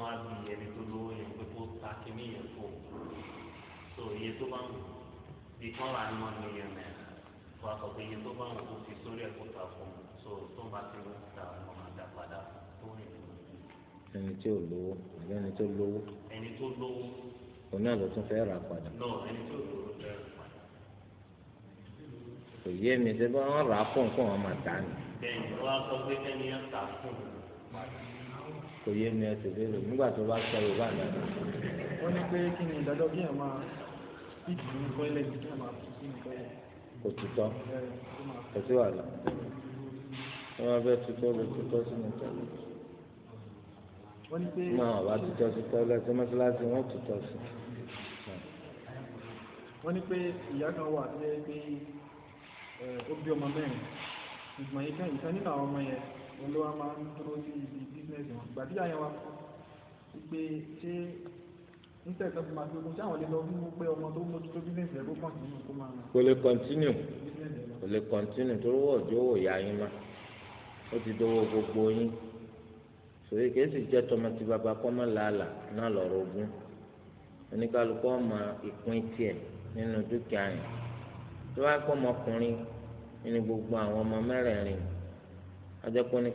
tún á fi ẹni tó lówó yẹn pé kó ta kíní yẹn fò so iye tó bá ń bí kán rà ní wọn mílíọ̀nù náírà wọ́n sọ pé iye tó bá ń kó fi sórí ẹ̀kọ́ ta fún un so tó ń bá ti ń ta wọn máa dá padà tó ń rìn lọ. ẹni tí ò lówó àbí ẹni tó lówó. ẹni tó lówó. òun náà tún fẹ́ rà padà. lọ ẹni tó lówó fẹ́ rà padà. kò yé mi ṣe bá wọn rà á fún nǹkan wọn máa dá ni. wọn á sọ pé ẹni yẹn ta fún un kò yé mi ẹsẹ̀ léèrè nígbà tó bá sọ yorùbá náà. wọ́n ní pé kí ni ìdájọ́ kí ẹ̀ máa fíìtì ní kọ́lẹ̀ kí ẹ̀ máa fíìtì ní kọ́lẹ̀. kò tutọ́ kò sí wàhálà wọ́n máa fẹ́ tutọ́ lè tutọ́ sínú tọ́lẹ̀. wọ́n ní pé. máa wá tutọ́ sí tọ́lẹ̀ tí mọ́ṣáláṣí wọ́n tutọ́ sí. wọ́n ní pé ìyá kan wà tó yẹ pé ó bí ọmọ mẹ́rin ìgbọ̀nyìí kan ìkan nínú àwọn ọmọ yẹn olówó máa ń dúró sí ibi bísínẹ́sì wọn ìgbà tí àyẹ̀ wa pé ṣé ń tẹ̀sán fún màtí ogun ṣé àwọn lè lọ mú pé ọmọ tó mójútó bísínẹ́sì rẹ̀ kó kọ̀ǹtínú kó máa. kò lè kọ̀ǹtínú kò lè kọ̀ǹtínú tó wọ̀ jó wò ya yín má ó ti dọwọ́ gbogbo yín sòrí kìí sì jẹ́ tọmọtì bàbá kọ́mọ làálà náà lọ́rọ̀ ogún oníkálukọ́ ọmọ ìpín tiẹ̀ nínú dúkìá yẹn tó bá pọ̀ ọmọkùnrin nínú gbogbo àwọn ọmọ mẹ́rẹ̀ẹ̀rin ajẹ́pọ̀ ní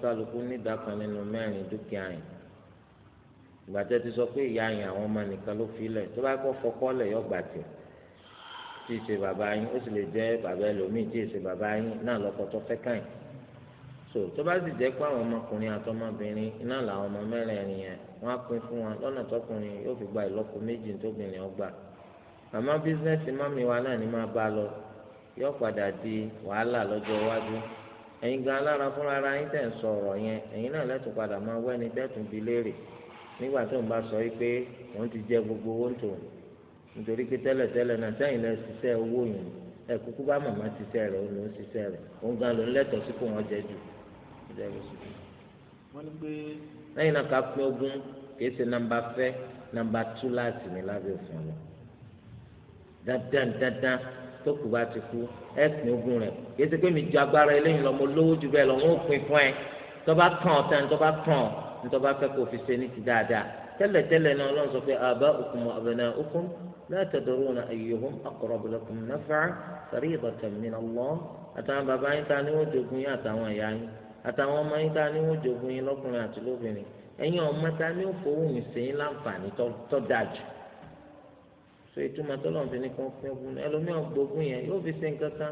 n'ịdakan ní mẹrin nínú mẹ́rin dúkìá ti sọ pé ìyá yẹn àwọn ọmọ nìkan ló fi lẹ̀ tó bá kọ́ fọkọ́lẹ̀ yọ gbà tí ì ṣe bàbá yín ó sì lè bàbá ẹlòmíì tí ì ṣe bàbá yín náà so tó bá ọmọ yẹn á fún wọn tọkùnrin yóò fi gba méjì tóbìnrin màmá bísíǹsì wa náà wàhálà ẹ̀yin gan alára fúnra ara yín tẹ̀ ń sọ yẹn ẹ̀yin náà lẹ́tùn padà máa wẹ́ ni fi léèrè nígbà tó ń bá sọ yìí pé òun ti jẹ gbogbo owó tó nítorí pé na náà sẹ́yìn lẹ ṣiṣẹ́ owó yìí ẹ kúkú bá màmá ṣiṣẹ́ rẹ̀ òun ló ṣiṣẹ́ rẹ̀ òun gan ló ń lẹ́tọ̀ọ́ sí kò wọ́n jẹ jù. tó kù bá ti kú ẹ pín ogún rẹ̀ yìí ti pé mi ju agbára eléyìí lọ mo lówó ju bẹ́ẹ̀ lọ wọn ò fún ẹ tó bá kàn ọ́ tán tó bá kó fi ṣe ní ti dáadáa tẹ́lẹ̀tẹ́lẹ̀ náà Ọlọ́run sọ pé aba'ukum wa abna'ukum la tadruna ayyuhum aqrabu lakum naf'an fariidatan min Allah àtàwọn bàbá yín ta ni wọ́n yín àtàwọn ìyá yín àtàwọn ọmọ yín ta ni wọ́n yín lọ́kùnrin àti lóbìnrin ẹ̀yin ọmọ ta ni ó fowó mi sèyìn láǹfààní tó dájú so ìtumọ̀ tó lọ́n fi ní kàn fún ogun ẹlòmíràn gbógun yẹn yóò fi ṣe nǹkan kan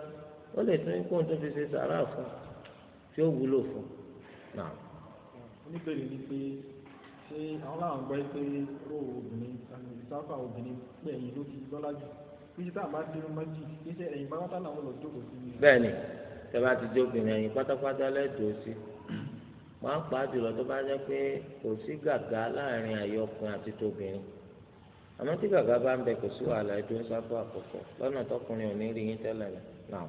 ó lè tún kó tó fi ṣe sàrà fún tí ó wúlò fún náà. oníbèrè ni pé ṣé àwọn làwọn gbọ́ pé ró obìnrin ìsáfà obìnrin gbẹ̀yìn ló ti lọ́lá jù bí sáà bá dé mọ́jì kí ṣe ẹ̀yìn pátápátá làwọn lọ jókòó sí. bẹ́ẹ̀ni tẹ bá ti jókòó ẹ̀yìn pátápátá lẹdùn sí wọn á pa jùlọ tó bá jẹ pé kò sí gàgà láàrin àyọkùnrin àti tóbìnrin àmọ́ tí gàgà bá ń bẹ kò sí wàhálà ẹ̀dùn sáfù àkọ́kọ́ lọ́nà tọkùnrin ò ní rí yín tẹ́lẹ̀ náà.